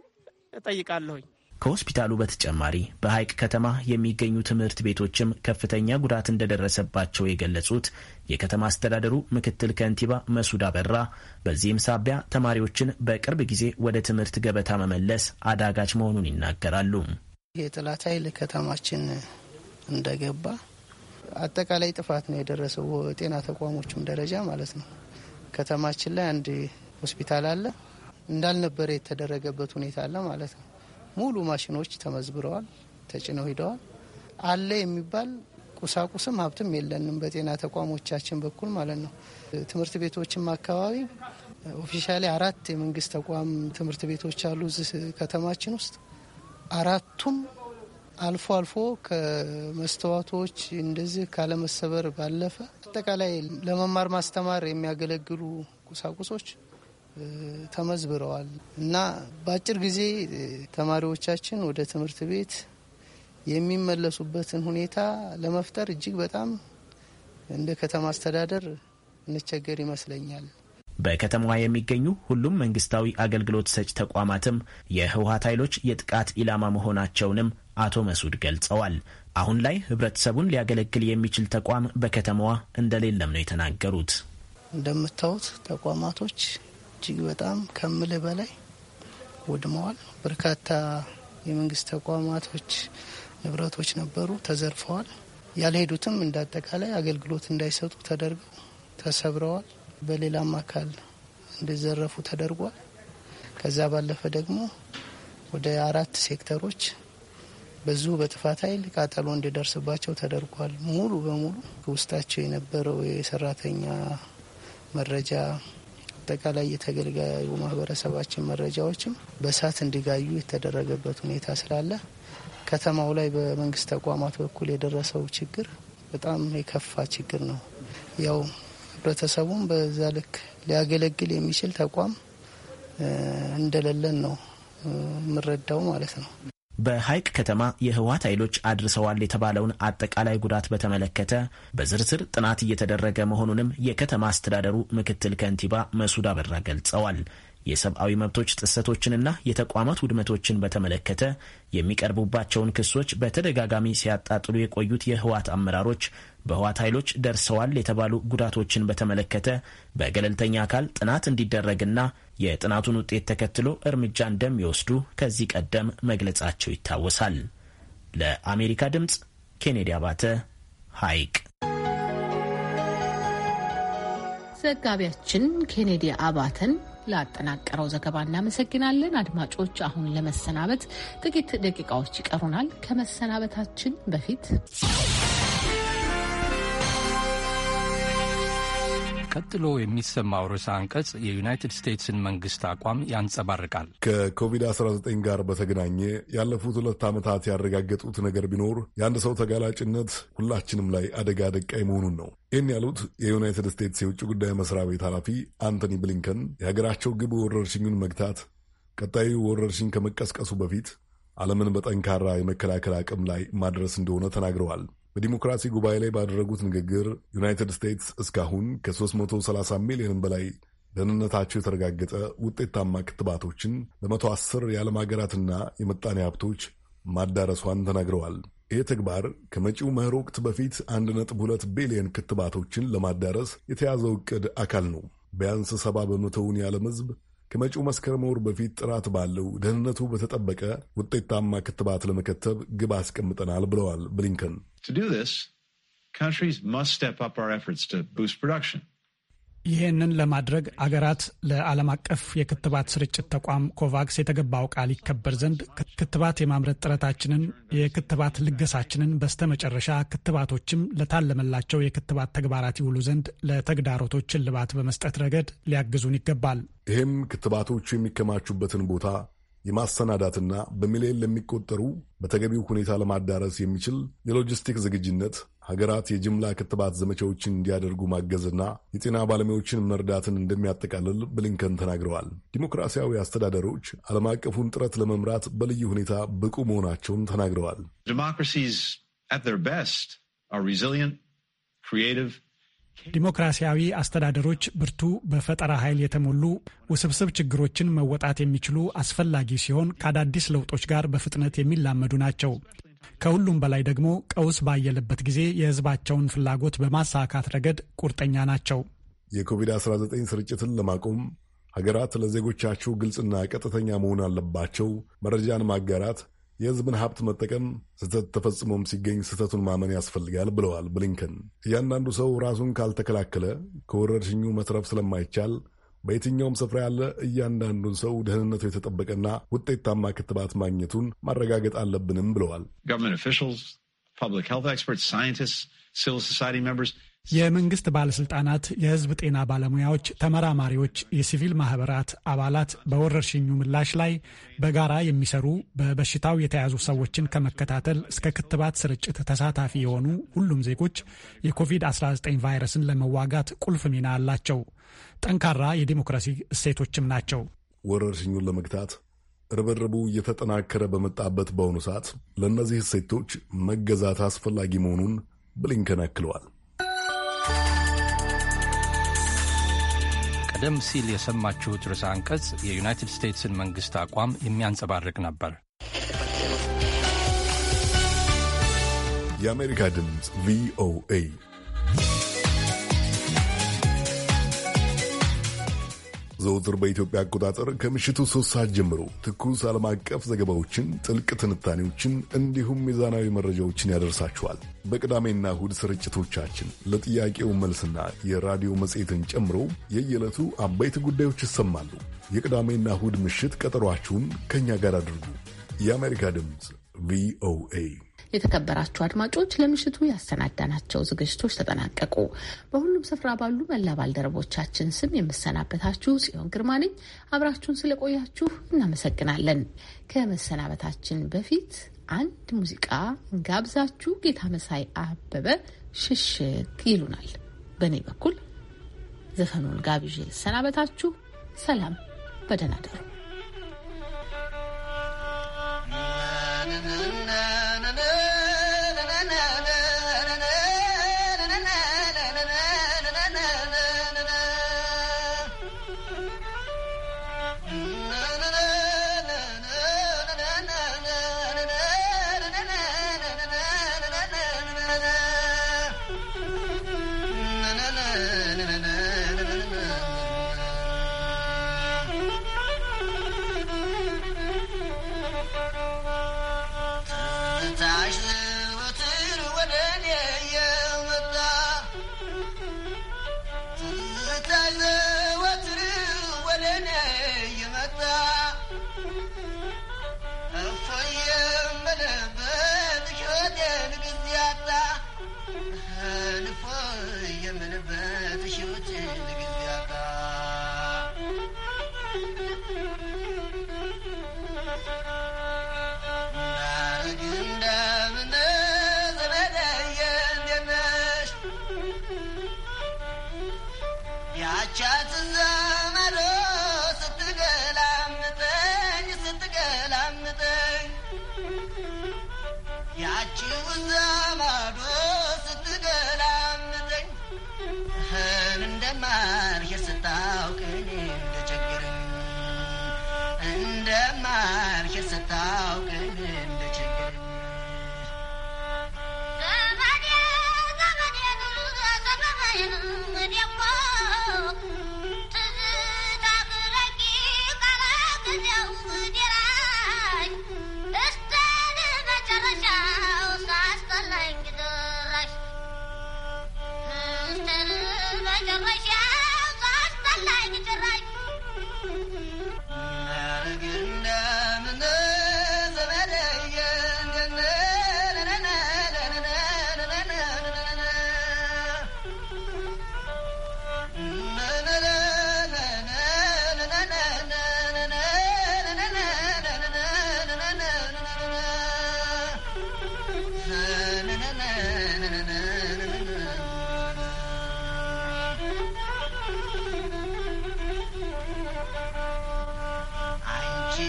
እጠይቃለሁኝ። ከሆስፒታሉ በተጨማሪ በሐይቅ ከተማ የሚገኙ ትምህርት ቤቶችም ከፍተኛ ጉዳት እንደደረሰባቸው የገለጹት የከተማ አስተዳደሩ ምክትል ከንቲባ መሱድ አበራ በዚህም ሳቢያ ተማሪዎችን በቅርብ ጊዜ ወደ ትምህርት ገበታ መመለስ አዳጋች መሆኑን ይናገራሉ። የጠላት ኃይል ከተማችን እንደገባ አጠቃላይ ጥፋት ነው የደረሰው። ጤና ተቋሞቹም ደረጃ ማለት ነው። ከተማችን ላይ አንድ ሆስፒታል አለ። እንዳልነበረ የተደረገበት ሁኔታ አለ ማለት ነው። ሙሉ ማሽኖች ተመዝብረዋል፣ ተጭነው ሂደዋል። አለ የሚባል ቁሳቁስም ሀብትም የለንም በጤና ተቋሞቻችን በኩል ማለት ነው። ትምህርት ቤቶችም አካባቢ ኦፊሻሊ አራት የመንግስት ተቋም ትምህርት ቤቶች አሉ እዚህ ከተማችን ውስጥ አራቱም አልፎ አልፎ ከመስተዋቶች እንደዚህ ካለመሰበር ባለፈ አጠቃላይ ለመማር ማስተማር የሚያገለግሉ ቁሳቁሶች ተመዝብረዋል እና በአጭር ጊዜ ተማሪዎቻችን ወደ ትምህርት ቤት የሚመለሱበትን ሁኔታ ለመፍጠር እጅግ በጣም እንደ ከተማ አስተዳደር እንቸገር ይመስለኛል። በከተማዋ የሚገኙ ሁሉም መንግስታዊ አገልግሎት ሰጭ ተቋማትም የህወሀት ኃይሎች የጥቃት ኢላማ መሆናቸውንም አቶ መሱድ ገልጸዋል። አሁን ላይ ህብረተሰቡን ሊያገለግል የሚችል ተቋም በከተማዋ እንደሌለም ነው የተናገሩት። እንደምታዩት ተቋማቶች እጅግ በጣም ከምልህ በላይ ወድመዋል። በርካታ የመንግስት ተቋማቶች ንብረቶች ነበሩ፣ ተዘርፈዋል። ያልሄዱትም እንዳጠቃላይ አገልግሎት እንዳይሰጡ ተደርገው ተሰብረዋል። በሌላም አካል እንዲዘረፉ ተደርጓል። ከዛ ባለፈ ደግሞ ወደ አራት ሴክተሮች በዙ በጥፋት ኃይል ቃጠሎ እንዲደርስባቸው ተደርጓል። ሙሉ በሙሉ ውስጣቸው የነበረው የሰራተኛ መረጃ አጠቃላይ የተገልጋዩ ማህበረሰባችን መረጃዎችም በእሳት እንዲጋዩ የተደረገበት ሁኔታ ስላለ ከተማው ላይ በመንግስት ተቋማት በኩል የደረሰው ችግር በጣም የከፋ ችግር ነው። ያው ህብረተሰቡም በዛ ልክ ሊያገለግል የሚችል ተቋም እንደሌለን ነው የምረዳው ማለት ነው። በሐይቅ ከተማ የህወሓት ኃይሎች አድርሰዋል የተባለውን አጠቃላይ ጉዳት በተመለከተ በዝርዝር ጥናት እየተደረገ መሆኑንም የከተማ አስተዳደሩ ምክትል ከንቲባ መሱድ አበራ ገልጸዋል። የሰብአዊ መብቶች ጥሰቶችንና የተቋማት ውድመቶችን በተመለከተ የሚቀርቡባቸውን ክሶች በተደጋጋሚ ሲያጣጥሉ የቆዩት የህወሓት አመራሮች በህወሓት ኃይሎች ደርሰዋል የተባሉ ጉዳቶችን በተመለከተ በገለልተኛ አካል ጥናት እንዲደረግና የጥናቱን ውጤት ተከትሎ እርምጃ እንደሚወስዱ ከዚህ ቀደም መግለጻቸው ይታወሳል። ለአሜሪካ ድምፅ ኬኔዲ አባተ ሐይቅ ዘጋቢያችን ኬኔዲ አባተን ላጠናቀረው ዘገባ እናመሰግናለን። አድማጮች፣ አሁን ለመሰናበት ጥቂት ደቂቃዎች ይቀሩናል። ከመሰናበታችን በፊት ቀጥሎ የሚሰማው ርዕሰ አንቀጽ የዩናይትድ ስቴትስን መንግስት አቋም ያንጸባርቃል። ከኮቪድ-19 ጋር በተገናኘ ያለፉት ሁለት ዓመታት ያረጋገጡት ነገር ቢኖር የአንድ ሰው ተጋላጭነት ሁላችንም ላይ አደጋ ደቃይ መሆኑን ነው። ይህን ያሉት የዩናይትድ ስቴትስ የውጭ ጉዳይ መስሪያ ቤት ኃላፊ አንቶኒ ብሊንከን የሀገራቸው ግብ ወረርሽኙን መግታት፣ ቀጣዩ ወረርሽኝ ከመቀስቀሱ በፊት ዓለምን በጠንካራ የመከላከል አቅም ላይ ማድረስ እንደሆነ ተናግረዋል። በዲሞክራሲ ጉባኤ ላይ ባደረጉት ንግግር ዩናይትድ ስቴትስ እስካሁን ከ330 ሚሊዮን በላይ ደህንነታቸው የተረጋገጠ ውጤታማ ክትባቶችን ለመቶ አስር የዓለም ሀገራትና የምጣኔ ሀብቶች ማዳረሷን ተናግረዋል። ይህ ተግባር ከመጪው መኸር ወቅት በፊት 1.2 ቢሊዮን ክትባቶችን ለማዳረስ የተያዘው ዕቅድ አካል ነው። ቢያንስ ሰባ በመቶውን የዓለም ሕዝብ ከመጪው መስከረም ወር በፊት ጥራት ባለው ደህንነቱ በተጠበቀ ውጤታማ ክትባት ለመከተብ ግብ አስቀምጠናል ብለዋል ብሊንከን። ይህንን ለማድረግ አገራት ለዓለም አቀፍ የክትባት ስርጭት ተቋም ኮቫክስ የተገባው ቃል ይከበር ዘንድ ክትባት የማምረት ጥረታችንን፣ የክትባት ልገሳችንን፣ በስተመጨረሻ ክትባቶችም ለታለመላቸው የክትባት ተግባራት ይውሉ ዘንድ ለተግዳሮቶች እልባት በመስጠት ረገድ ሊያግዙን ይገባል። ይህም ክትባቶቹ የሚከማቹበትን ቦታ የማሰናዳትና በሚሊዮን ለሚቆጠሩ በተገቢው ሁኔታ ለማዳረስ የሚችል የሎጂስቲክ ዝግጅነት ሀገራት የጅምላ ክትባት ዘመቻዎችን እንዲያደርጉ ማገዝና የጤና ባለሙያዎችን መርዳትን እንደሚያጠቃልል ብሊንከን ተናግረዋል። ዲሞክራሲያዊ አስተዳደሮች ዓለም አቀፉን ጥረት ለመምራት በልዩ ሁኔታ ብቁ መሆናቸውን ተናግረዋል። ዲሞክራሲስ አት ዘር ቤስት አር ሪዚሊየንት ክሪኤቲቭ ዲሞክራሲያዊ አስተዳደሮች ብርቱ፣ በፈጠራ ኃይል የተሞሉ ውስብስብ ችግሮችን መወጣት የሚችሉ አስፈላጊ ሲሆን ከአዳዲስ ለውጦች ጋር በፍጥነት የሚላመዱ ናቸው። ከሁሉም በላይ ደግሞ ቀውስ ባየለበት ጊዜ የሕዝባቸውን ፍላጎት በማሳካት ረገድ ቁርጠኛ ናቸው። የኮቪድ-19 ስርጭትን ለማቆም ሀገራት ለዜጎቻቸው ግልጽና ቀጥተኛ መሆን አለባቸው። መረጃን ማጋራት የህዝብን ሀብት መጠቀም ስህተት ተፈጽሞም ሲገኝ ስህተቱን ማመን ያስፈልጋል ብለዋል ብሊንከን። እያንዳንዱ ሰው ራሱን ካልተከላከለ ከወረርሽኙ መትረፍ ስለማይቻል በየትኛውም ስፍራ ያለ እያንዳንዱን ሰው ደህንነቱ የተጠበቀና ውጤታማ ክትባት ማግኘቱን ማረጋገጥ አለብንም ብለዋል። የመንግስት ባለስልጣናት፣ የህዝብ ጤና ባለሙያዎች፣ ተመራማሪዎች፣ የሲቪል ማህበራት አባላት በወረርሽኙ ምላሽ ላይ በጋራ የሚሰሩ በበሽታው የተያዙ ሰዎችን ከመከታተል እስከ ክትባት ስርጭት ተሳታፊ የሆኑ ሁሉም ዜጎች የኮቪድ-19 ቫይረስን ለመዋጋት ቁልፍ ሚና አላቸው። ጠንካራ የዲሞክራሲ እሴቶችም ናቸው። ወረርሽኙን ለመግታት ርብርቡ እየተጠናከረ በመጣበት በአሁኑ ሰዓት ለእነዚህ እሴቶች መገዛት አስፈላጊ መሆኑን ብሊንከን አክለዋል። ቀደም ሲል የሰማችሁት ርዕሰ አንቀጽ የዩናይትድ ስቴትስን መንግሥት አቋም የሚያንጸባርቅ ነበር። የአሜሪካ ድምፅ ቪኦኤ ዘውትር በኢትዮጵያ አቆጣጠር ከምሽቱ ሶስት ሰዓት ጀምሮ ትኩስ ዓለም አቀፍ ዘገባዎችን፣ ጥልቅ ትንታኔዎችን እንዲሁም ሚዛናዊ መረጃዎችን ያደርሳችኋል። በቅዳሜና እሁድ ስርጭቶቻችን ለጥያቄው መልስና የራዲዮ መጽሔትን ጨምሮ የየዕለቱ አበይት ጉዳዮች ይሰማሉ። የቅዳሜና እሁድ ምሽት ቀጠሯችሁን ከእኛ ጋር አድርጉ። የአሜሪካ ድምፅ ቪኦኤ የተከበራችሁ አድማጮች ለምሽቱ ያሰናዳናቸው ዝግጅቶች ተጠናቀቁ። በሁሉም ስፍራ ባሉ መላ ባልደረቦቻችን ስም የምሰናበታችሁ ጽዮን ግርማ ነኝ። አብራችሁን ስለቆያችሁ እናመሰግናለን። ከመሰናበታችን በፊት አንድ ሙዚቃ ጋብዛችሁ ጌታ መሳይ አበበ ሽሽግ ይሉናል። በእኔ በኩል ዘፈኑን ጋብዤ ልሰናበታችሁ። ሰላም፣ በደህና ደሩ።